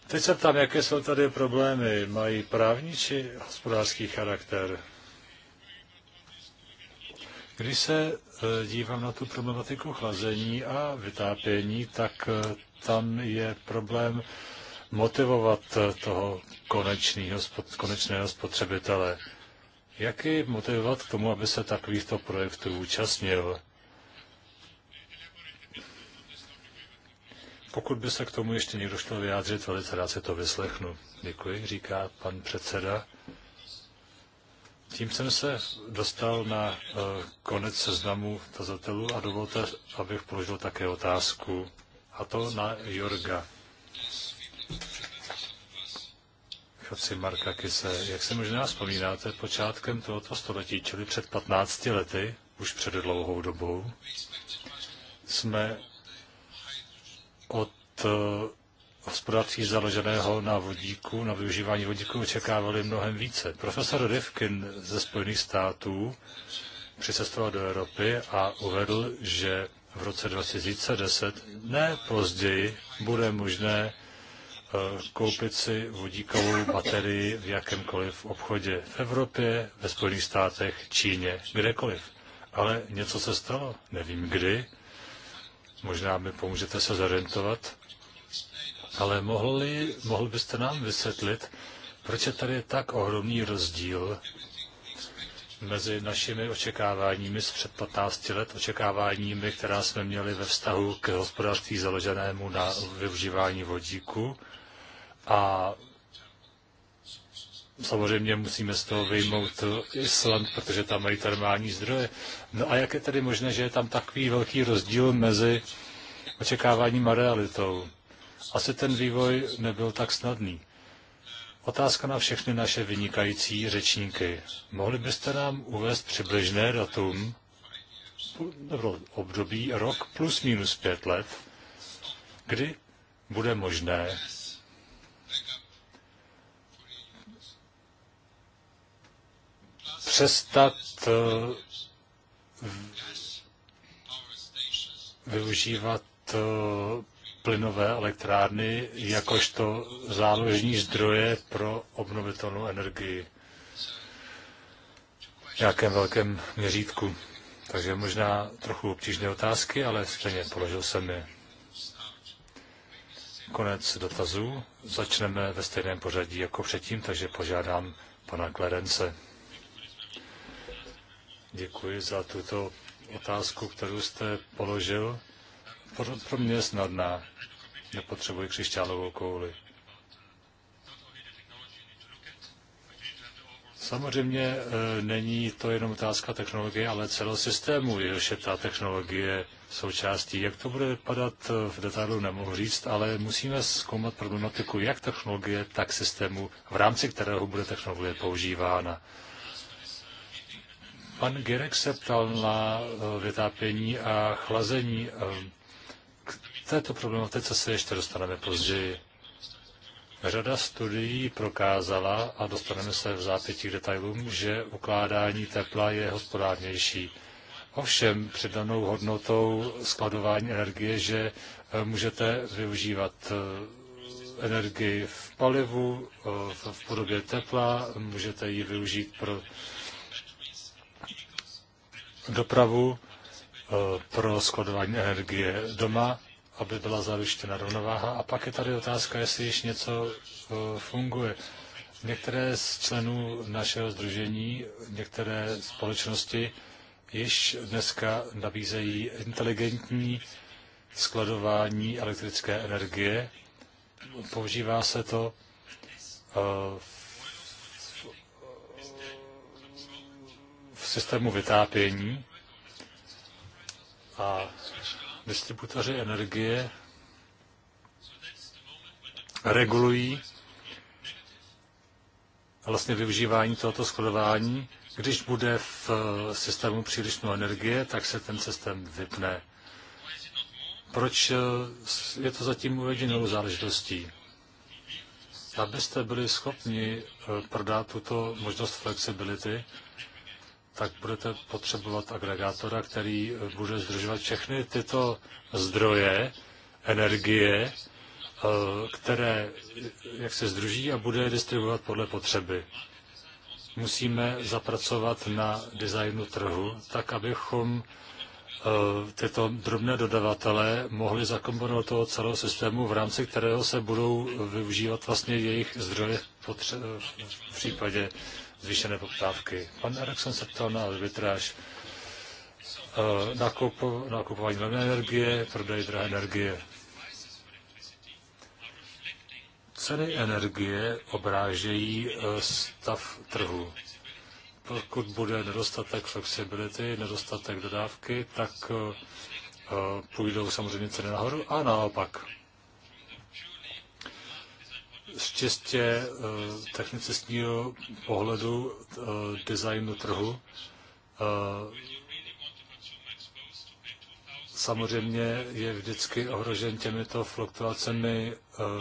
Teď se ptám, jaké jsou tady problémy. Mají právní či hospodářský charakter? Když se eh, dívám na tu problematiku chlazení a vytápění, tak eh, tam je problém motivovat toho konečného, konečného spotřebitele. Jak je motivovat k tomu, aby se takovýchto projektů účastnil? Pokud by se k tomu ještě někdo chtěl vyjádřit, velice rád si to vyslechnu. Děkuji, říká pan předseda. Tím jsem se dostal na eh, konec seznamu tazatelů a dovolte, abych položil také otázku, a to na Jorga. Marka Kise. Jak si možná vzpomínáte, počátkem tohoto století, čili před 15 lety, už před dlouhou dobou, jsme od eh, hospodářství založeného na vodíku, na využívání vodíku očekávali mnohem více. Profesor Rivkin ze Spojených států přicestoval do Evropy a uvedl, že v roce 2010, ne později, bude možné Eh, koupit si vodíkovou baterii v jakémkoliv obchodě v Evropě, ve Spojených státech, Číně, kdekoliv. Ale něco se stalo, nevím kdy, možná mi pomůžete se zorientovat, ale mohli, mohl byste nám vysvětlit, proč je tady tak ohromný rozdíl mezi našimi očekáváními z před 15 let, očekáváními, která jsme měli ve vztahu k hospodářství založenému na využívání vodíku a samozřejmě musíme z toho vyjmout Island, protože tam mají termální zdroje. No a jak je tedy možné, že je tam takový velký rozdíl mezi očekáváním a realitou? Asi ten vývoj nebyl tak snadný. Otázka na všechny naše vynikající řečníky. Mohli byste nám uvést přibližné datum, nebo období rok plus minus pět let, kdy bude možné přestat eh, využívat eh, plynové elektrárny jakožto záložní zdroje pro obnovitelnou energii v nějakém velkém měřítku. Takže možná trochu obtížné otázky, ale stejně položil jsem je. Konec dotazů. Začneme ve stejném pořadí jako předtím, takže požádám pana Klerence. Děkuji za tuto otázku, kterou jste položil. Pro, pro mě je snadná. Nepotřebuji křišťálovou kouli. Samozřejmě e, není to jenom otázka technologie, ale celého systému, jehož je ta technologie součástí. Jak to bude vypadat e, v detailu, nemohu říct, ale musíme zkoumat problematiku jak technologie, tak systému, v rámci kterého bude technologie používána. Pan Gerek se ptal na eh, vytápění a chlazení. Eh, k této problematice se ještě dostaneme později. Řada studií prokázala, a dostaneme se v zápětí k detailům, že ukládání tepla je hospodárnější. Ovšem přidanou hodnotou skladování energie, že eh, můžete využívat energii v palivu, v podobě tepla, můžete ji využít pro dopravu eh, pro skladování energie doma, aby byla zajištěna rovnováha. A pak je tady otázka, jestli již něco eh, funguje. Některé z členů našeho združení, některé společnosti již dneska nabízejí inteligentní skladování elektrické energie. Používá se to v eh, systému vytápění a distributoři energie regulují vlastně využívání tohoto skladování. Když bude v systému příliš mnoho energie, tak se ten systém vypne. Proč eh, je to zatím uvedenou záležitostí? Abyste byli schopni eh, prodat tuto možnost flexibility, tak budete potřebovat agregátora, který eh, bude zdržovat všechny tyto zdroje energie, eh, které eh, jak se združí a bude distribuovat podle potřeby. Musíme zapracovat na designu trhu, tak abychom tyto drobné dodavatele mohli zakomponovat toho celého systému, v rámci kterého se budou využívat vlastně jejich zdroje v, potře- v případě zvýšené poptávky. Pan Erickson se ptal na arbitráž eh, nákup, nakupování levné energie, prodej drahé energie. Ceny energie obrážejí eh, stav trhu. Pokud bude nedostatek flexibility, nedostatek dodávky, tak eh, půjdou samozřejmě ceny nahoru a naopak z čistě eh, technicistního pohledu eh, designu trhu. Eh, samozřejmě je vždycky ohrožen těmito fluktuacemi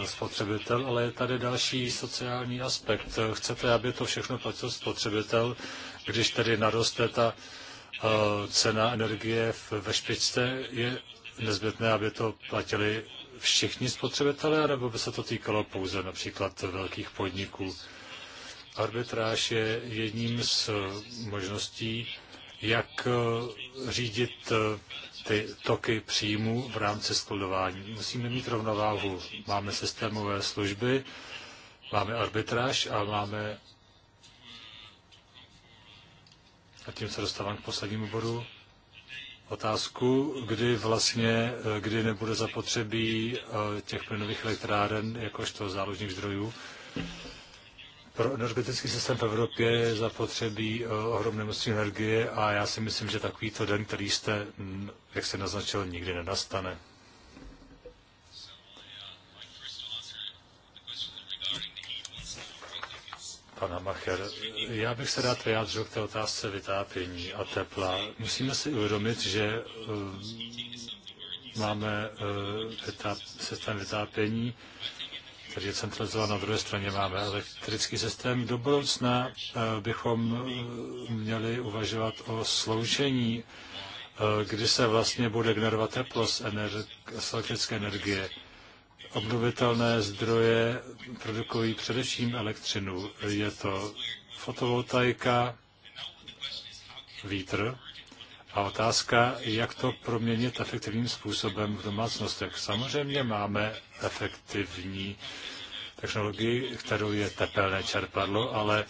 spotřebitel, ale je tady další sociální aspekt. Chcete, aby to všechno platil spotřebitel, když tedy naroste ta cena energie ve špičce, je nezbytné, aby to platili všichni spotřebitelé, nebo by se to týkalo pouze například velkých podniků? Arbitráž je jedním z možností, jak eh, řídit eh, ty toky příjmů v rámci skladování. Musíme mít rovnováhu. Máme systémové služby, máme arbitráž a máme a tím se dostávám k poslednímu bodu, otázku, kdy vlastně, eh, kdy nebude zapotřebí eh, těch plynových elektráren jakožto záložních zdrojů. Pro energetický systém v Evropě je zapotřebí eh, ohromné množství energie a já si myslím, že takovýto den, který jste, mm, jak se naznačil, nikdy nenastane. pana Macher. Já bych se rád vyjádřil k té otázce vytápění a tepla. Musíme si uvědomit, že eh, máme eh, vytáp, systém vytápění, který je centralizován, na druhé straně máme elektrický systém. Do budoucna eh, bychom měli uvažovat o sloužení, kdy se vlastně bude generovat teplo z, energi- z elektrické energie. Obnovitelné zdroje produkují především elektřinu. Je to fotovoltaika, vítr a otázka, jak to proměnit efektivním způsobem v domácnostech. Samozřejmě máme efektivní technologii, kterou je tepelné čerpadlo, ale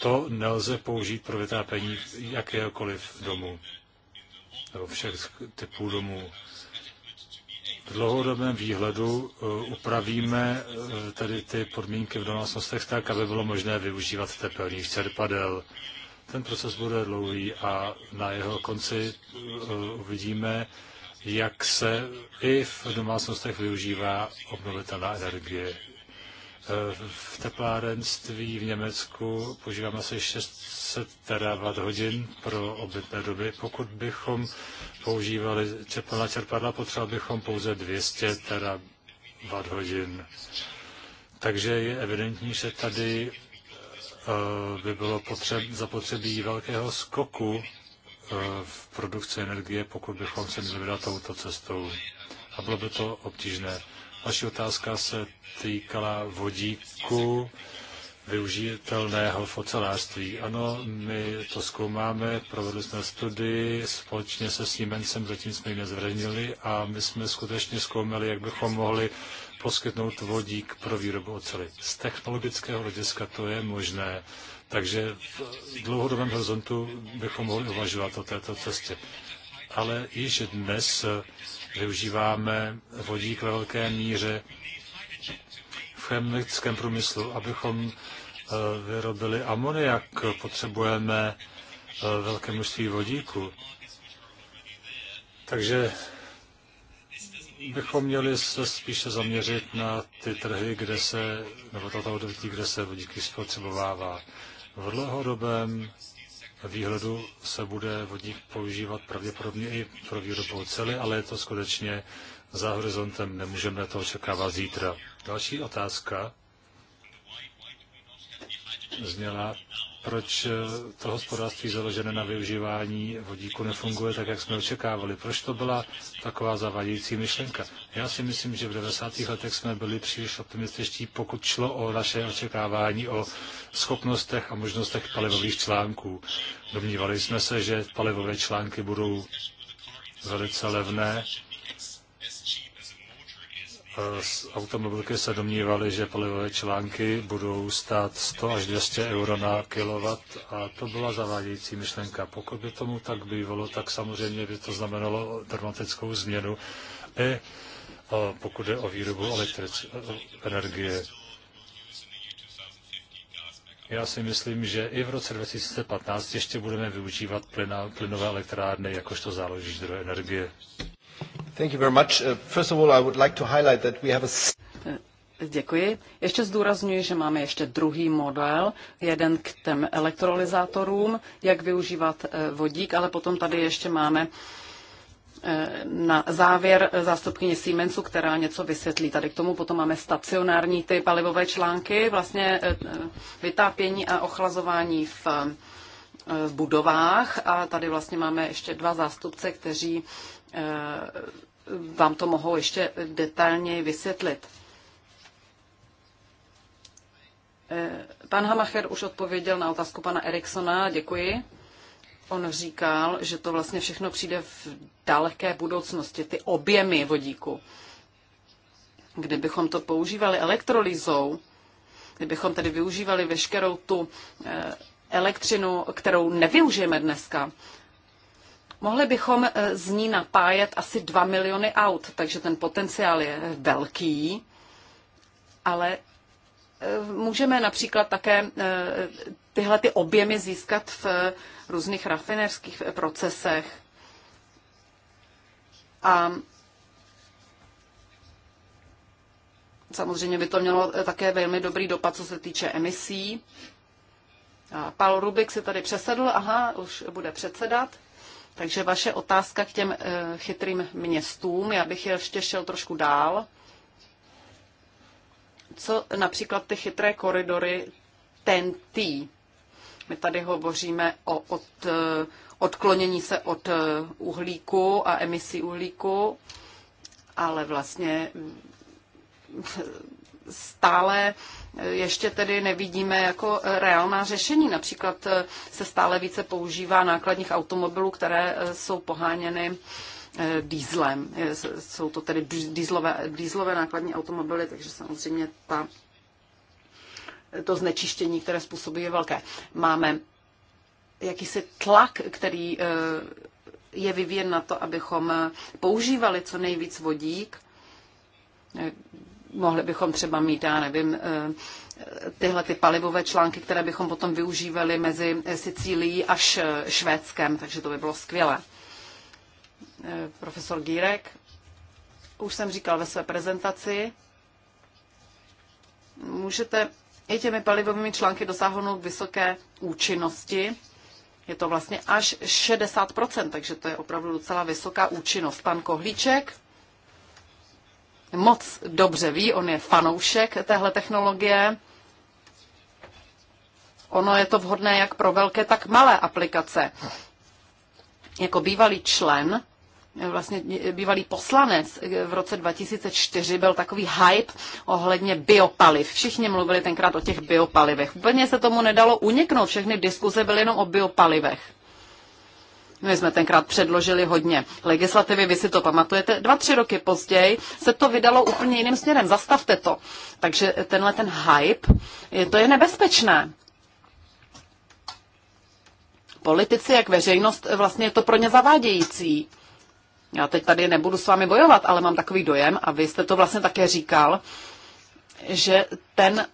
to nelze použít pro vytápění jakéhokoliv domu nebo všech typů domů dlouhodobém výhledu eh, upravíme eh, tedy ty podmínky v domácnostech tak, aby bylo možné využívat tepelných čerpadel. Ten proces bude dlouhý a na jeho konci eh, uvidíme, jak se i v domácnostech využívá obnovitelná energie. V teplárenství v Německu používáme asi 600 terawatt hodin pro obytné doby. Pokud bychom používali tepelná čerpadla, potřebovali bychom pouze 200 terawatt hodin. Takže je evidentní, že tady eh, by bylo potřeb, zapotřebí velkého skoku eh, v produkci energie, pokud bychom se měli vydat touto cestou. A bylo by to obtížné. Vaše otázka se týkala vodíku využitelného v ocelářství. Ano, my to zkoumáme, provedli jsme studii společně se Siemensem, zatím jsme ji nezveřejnili a my jsme skutečně zkoumali, jak bychom mohli poskytnout vodík pro výrobu oceli. Z technologického hlediska to je možné, takže v dlouhodobém horizontu bychom mohli uvažovat o této cestě. Ale již dnes Využíváme vodík ve velké míře v chemickém průmyslu. Abychom e, vyrobili amoniak, potřebujeme e, velké množství vodíku. Takže bychom měli se spíše zaměřit na ty trhy, kde se, nebo tato odvětí, kde se vodíky spotřebovává. V dlouhodobém výhledu se bude vodík používat pravděpodobně i pro výrobu ocely, ale je to skutečně za horizontem, nemůžeme to očekávat zítra. Další otázka zněla, proč eh, to hospodářství založené na využívání vodíku nefunguje tak, jak jsme očekávali. Proč to byla taková zavadějící myšlenka? Já si myslím, že v 90. letech jsme byli příliš optimističtí, pokud šlo o naše očekávání o schopnostech a možnostech palivových článků. Domnívali jsme se, že palivové články budou velice levné z automobilky se domnívali, že palivové články budou stát 100 až 200 euro na kilowatt a to byla zavádějící myšlenka. Pokud by tomu tak bývalo, tak samozřejmě by to znamenalo dramatickou změnu i e, pokud jde o výrobu elektric- e, energie. Já si myslím, že i v roce 2015 ještě budeme využívat plyna, plynové elektrárny jakožto záloží zdroje energie. Thank you very much. Uh, first of all, I would like to highlight that we have a Děkuji. Ještě zdůrazňuji, že máme ještě druhý model, jeden k těm elektrolyzátorům, jak využívat eh, vodík, ale potom tady ještě máme eh, na závěr eh, zástupkyně Siemensu, která něco vysvětlí. Tady k tomu potom máme stacionární ty palivové články, vlastně vytápění a ochlazování v, v budovách a tady vlastně máme ještě dva zástupce, kteří Eh, vám to mohou ještě detailněji vysvětlit. Eh, pan Hamacher už odpověděl na otázku pana Eriksona, děkuji. On říkal, že to vlastně všechno přijde v daleké budoucnosti, ty objemy vodíku. Kdybychom to používali elektrolýzou, kdybychom tedy využívali veškerou tu eh, elektřinu, kterou nevyužijeme dneska, Mohli bychom eh, z ní napájet asi 2 miliony aut, takže ten potenciál je velký, ale eh, můžeme například také eh, tyhle ty objemy získat v různých rafinerských procesech. A samozřejmě by to mělo také velmi dobrý dopad, co se týče emisí. Paul Rubik se tady přesedl, aha, už bude předsedat. Takže vaše otázka k těm eh, chytrým městům, já bych ještě šel trošku dál. Co například ty chytré koridory TNT? My tady hovoříme o od, eh, odklonění se od eh, uhlíku a emisí uhlíku, ale vlastně stále ještě tedy nevidíme jako eh, reálná řešení. Například eh, se stále více používá nákladních automobilů, které eh, jsou poháněny dýzlem. Jsou to tedy dýzlové, dýzlové nákladní automobily, takže samozřejmě ta, to znečištění, které způsobuje, je velké. Máme jakýsi tlak, který je vyvíjen na to, abychom používali co nejvíc vodík, mohli bychom třeba mít, já nevím, eh, tyhle ty palivové články, které bychom potom využívali mezi Sicílií až Švédskem, takže to by bylo skvělé. Eh, profesor Gírek, už jsem říkal ve své prezentaci, můžete i těmi palivovými články dosáhnout vysoké účinnosti. Je to vlastně až 60%, takže to je opravdu docela vysoká účinnost. Pan Kohlíček, moc dobře ví, on je fanoušek téhle technologie. Ono je to vhodné jak pro velké, tak malé aplikace. Jako bývalý člen, vlastně bývalý poslanec v roce 2004 byl takový hype ohledně biopaliv. Všichni mluvili tenkrát o těch biopalivech. Úplně se tomu nedalo uniknout, všechny diskuze byly jenom o biopalivech. My jsme tenkrát předložili hodně legislativy, vy si to pamatujete. Dva, tři roky později se to vydalo úplně jiným směrem. Zastavte to. Takže tenhle ten hype, to je nebezpečné. Politici, jak veřejnost, vlastně je to pro ně zavádějící. Já teď tady nebudu s vámi bojovat, ale mám takový dojem, a vy jste to vlastně také říkal, že ten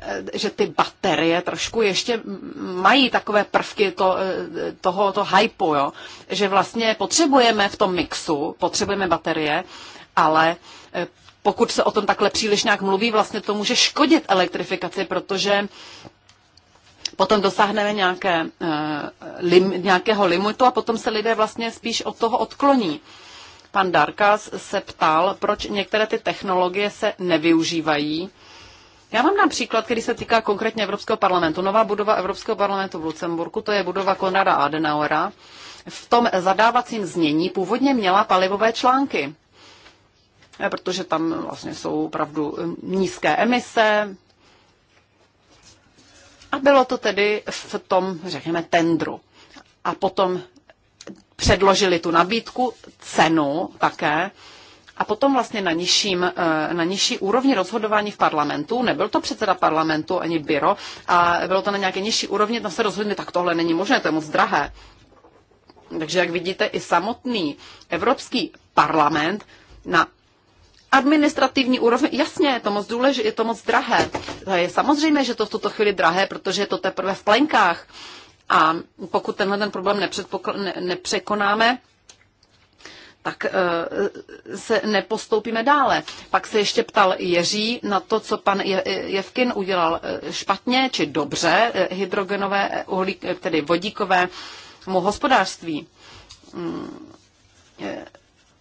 Eh, že ty baterie trošku ještě mají takové prvky to, eh, toho to hypu, jo? že vlastně potřebujeme v tom mixu, potřebujeme baterie, ale eh, pokud se o tom takhle příliš nějak mluví, vlastně to může škodit elektrifikaci, protože potom dosáhneme nějaké, lim, nějakého limitu a potom se lidé vlastně spíš od toho odkloní. Pan Darkas se ptal, proč některé ty technologie se nevyužívají já vám dám příklad, který se týká konkrétně Evropského parlamentu. Nová budova Evropského parlamentu v Lucemburku, to je budova Konrada Adenauera. V tom zadávacím znění původně měla palivové články, protože tam vlastně jsou opravdu um, nízké emise. A bylo to tedy v tom, řekněme, tendru. A potom předložili tu nabídku, cenu také, a potom vlastně na, nižším, eh, na nižší úrovni rozhodování v parlamentu, nebyl to předseda parlamentu ani byro, a bylo to na nějaké nižší úrovni, tam no se rozhodne, tak tohle není možné, to je moc drahé. Takže jak vidíte, i samotný Evropský parlament na administrativní úrovni, jasně, je to moc důležité, je to moc drahé. Je samozřejmé, že to v tuto chvíli drahé, protože je to teprve v plenkách. A pokud tenhle ten problém nepřekonáme, tak eh, se nepostoupíme dále. Pak se ještě ptal Jeří na to, co pan Jevkin udělal eh, špatně či dobře eh, hydrogenové, uhlí, tedy vodíkové mu hospodářství mm,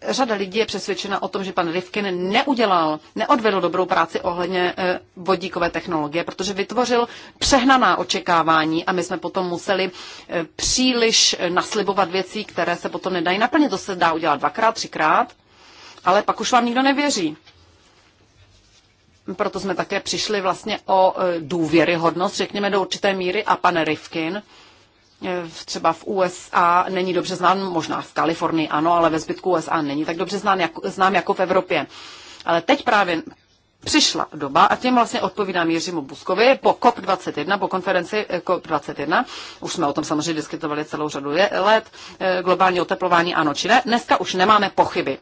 řada lidí je přesvědčena o tom, že pan Rivkin neudělal, neodvedl dobrou práci ohledně eh, vodíkové technologie, protože vytvořil přehnaná očekávání a my jsme potom museli eh, příliš eh, naslibovat věcí, které se potom nedají naplnit. To se dá udělat dvakrát, třikrát, ale pak už vám nikdo nevěří. Proto jsme také přišli vlastně o důvěryhodnost, řekněme do určité míry, a pan Rivkin Eh, třeba v USA není dobře znám, možná v Kalifornii ano, ale ve zbytku USA není tak dobře znám jako, znám jako v Evropě. Ale teď právě přišla doba, a tím vlastně odpovídám Jiřímu Buskovi, po COP21, po konferenci eh, COP21, už jsme o tom samozřejmě diskutovali celou řadu let, eh, globální oteplování ano či ne, dneska už nemáme pochyby.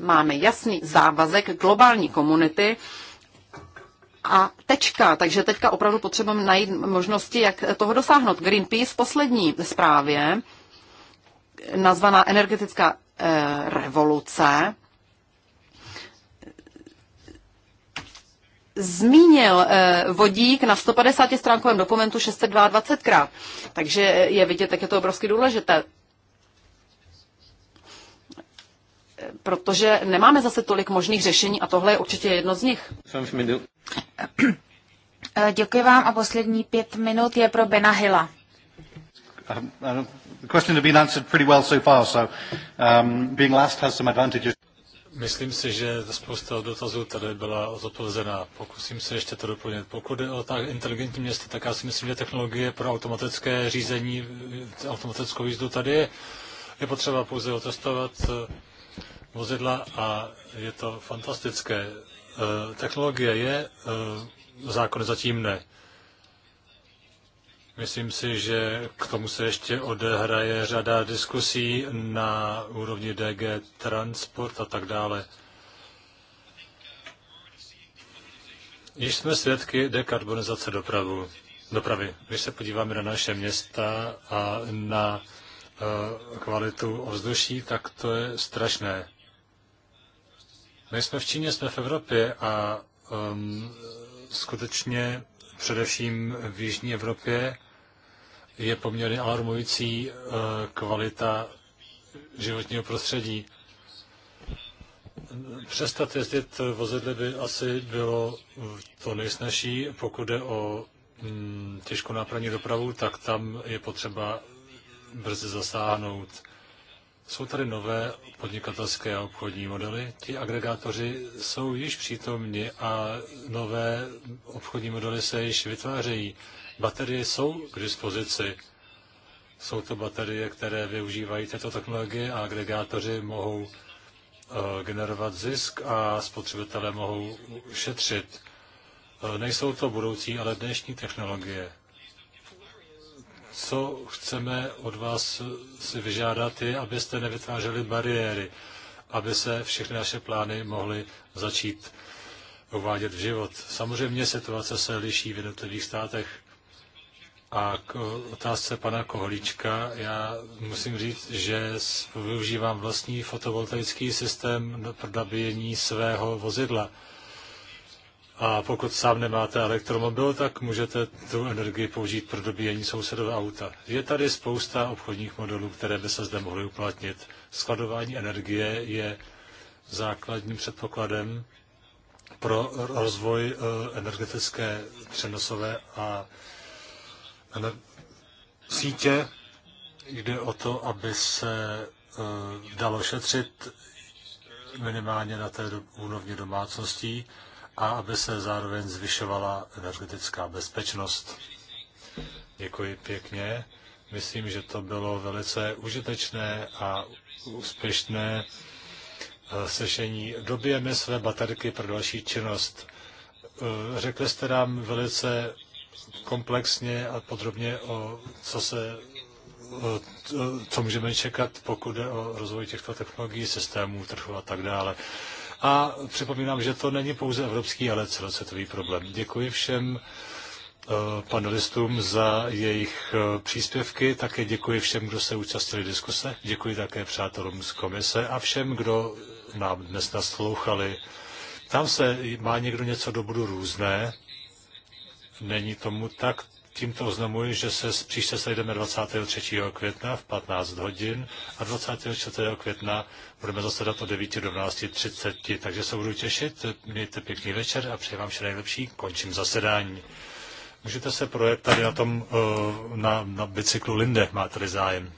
Máme jasný závazek globální komunity, a tečka. Takže teďka opravdu potřebujeme najít možnosti, jak toho dosáhnout. Greenpeace v poslední zprávě, nazvaná energetická eh, revoluce, zmínil eh, vodík na 150 stránkovém dokumentu 622krát. Takže je vidět, jak je to obrovsky důležité. protože nemáme zase tolik možných řešení a tohle je určitě jedno z nich. Eh, děkuji vám a poslední pět minut je pro Bena Hilla. Myslím si, že spousta dotazů tady byla zodpovězená. Pokusím se ještě to doplnit. Pokud je o tak inteligentní města, tak já si myslím, že technologie pro automatické řízení, automatickou jízdu tady je. Je potřeba pouze otestovat eh, vozidla a je to fantastické. E, technologie je, e, zákon zatím ne. Myslím si, že k tomu se ještě odehraje řada diskusí na úrovni DG Transport a tak dále. Již jsme svědky dekarbonizace dopravu, dopravy. Když se podíváme na naše města a na e, kvalitu ovzduší, tak to je strašné jsme v Číně, jsme v Evropě a um, skutečně především v Jižní Evropě je poměrně alarmující uh, kvalita životního prostředí. Přestat jezdit vozidly by asi bylo to nejsnažší. Pokud jde o mm, těžkou nápravní dopravu, tak tam je potřeba brzy zasáhnout. Jsou tady nové podnikatelské a obchodní modely. Ti agregátoři jsou již přítomni a nové obchodní modely se již vytvářejí. Baterie jsou k dispozici. Jsou to baterie, které využívají této technologie a agregátoři mohou eh, generovat zisk a spotřebitelé mohou šetřit. Eh, nejsou to budoucí, ale dnešní technologie co chceme od vás si vyžádat, je, abyste nevytvářeli bariéry, aby se všechny naše plány mohly začít uvádět v život. Samozřejmě situace se liší v jednotlivých státech. A k otázce pana Koholíčka, já musím říct, že využívám vlastní fotovoltaický systém pro nabíjení svého vozidla. A pokud sám nemáte elektromobil, tak můžete tu energii použít pro dobíjení sousedové auta. Je tady spousta obchodních modelů, které by se zde mohly uplatnit. Skladování energie je základním předpokladem pro rozvoj eh, energetické přenosové a sítě. Jde o to, aby se eh, dalo šetřit minimálně na té úrovni domácností a aby se zároveň zvyšovala energetická bezpečnost. Děkuji pěkně. Myslím, že to bylo velice užitečné a úspěšné eh, sešení. Dobijeme své baterky pro další činnost. Eh, řekli jste nám velice komplexně a podrobně o co se eh, co můžeme čekat, pokud jde o rozvoj těchto technologií, systémů, trhu a tak dále. A připomínám, že to není pouze evropský, ale celosvětový problém. Děkuji všem eh, panelistům za jejich eh, příspěvky. Také děkuji všem, kdo se účastnili diskuse. Děkuji také přátelům z komise a všem, kdo nám dnes naslouchali. Tam se, má někdo něco do budu různé? Není tomu tak, Tímto oznamuji, že se příště sejdeme 23. května v 15 hodin a 24. května budeme zasedat od 9 do 12.30. Takže se budu těšit, mějte pěkný večer a přeji vám vše nejlepší. Končím zasedání. Můžete se projet tady na tom eh, na, na bicyklu Linde, máte-li zájem.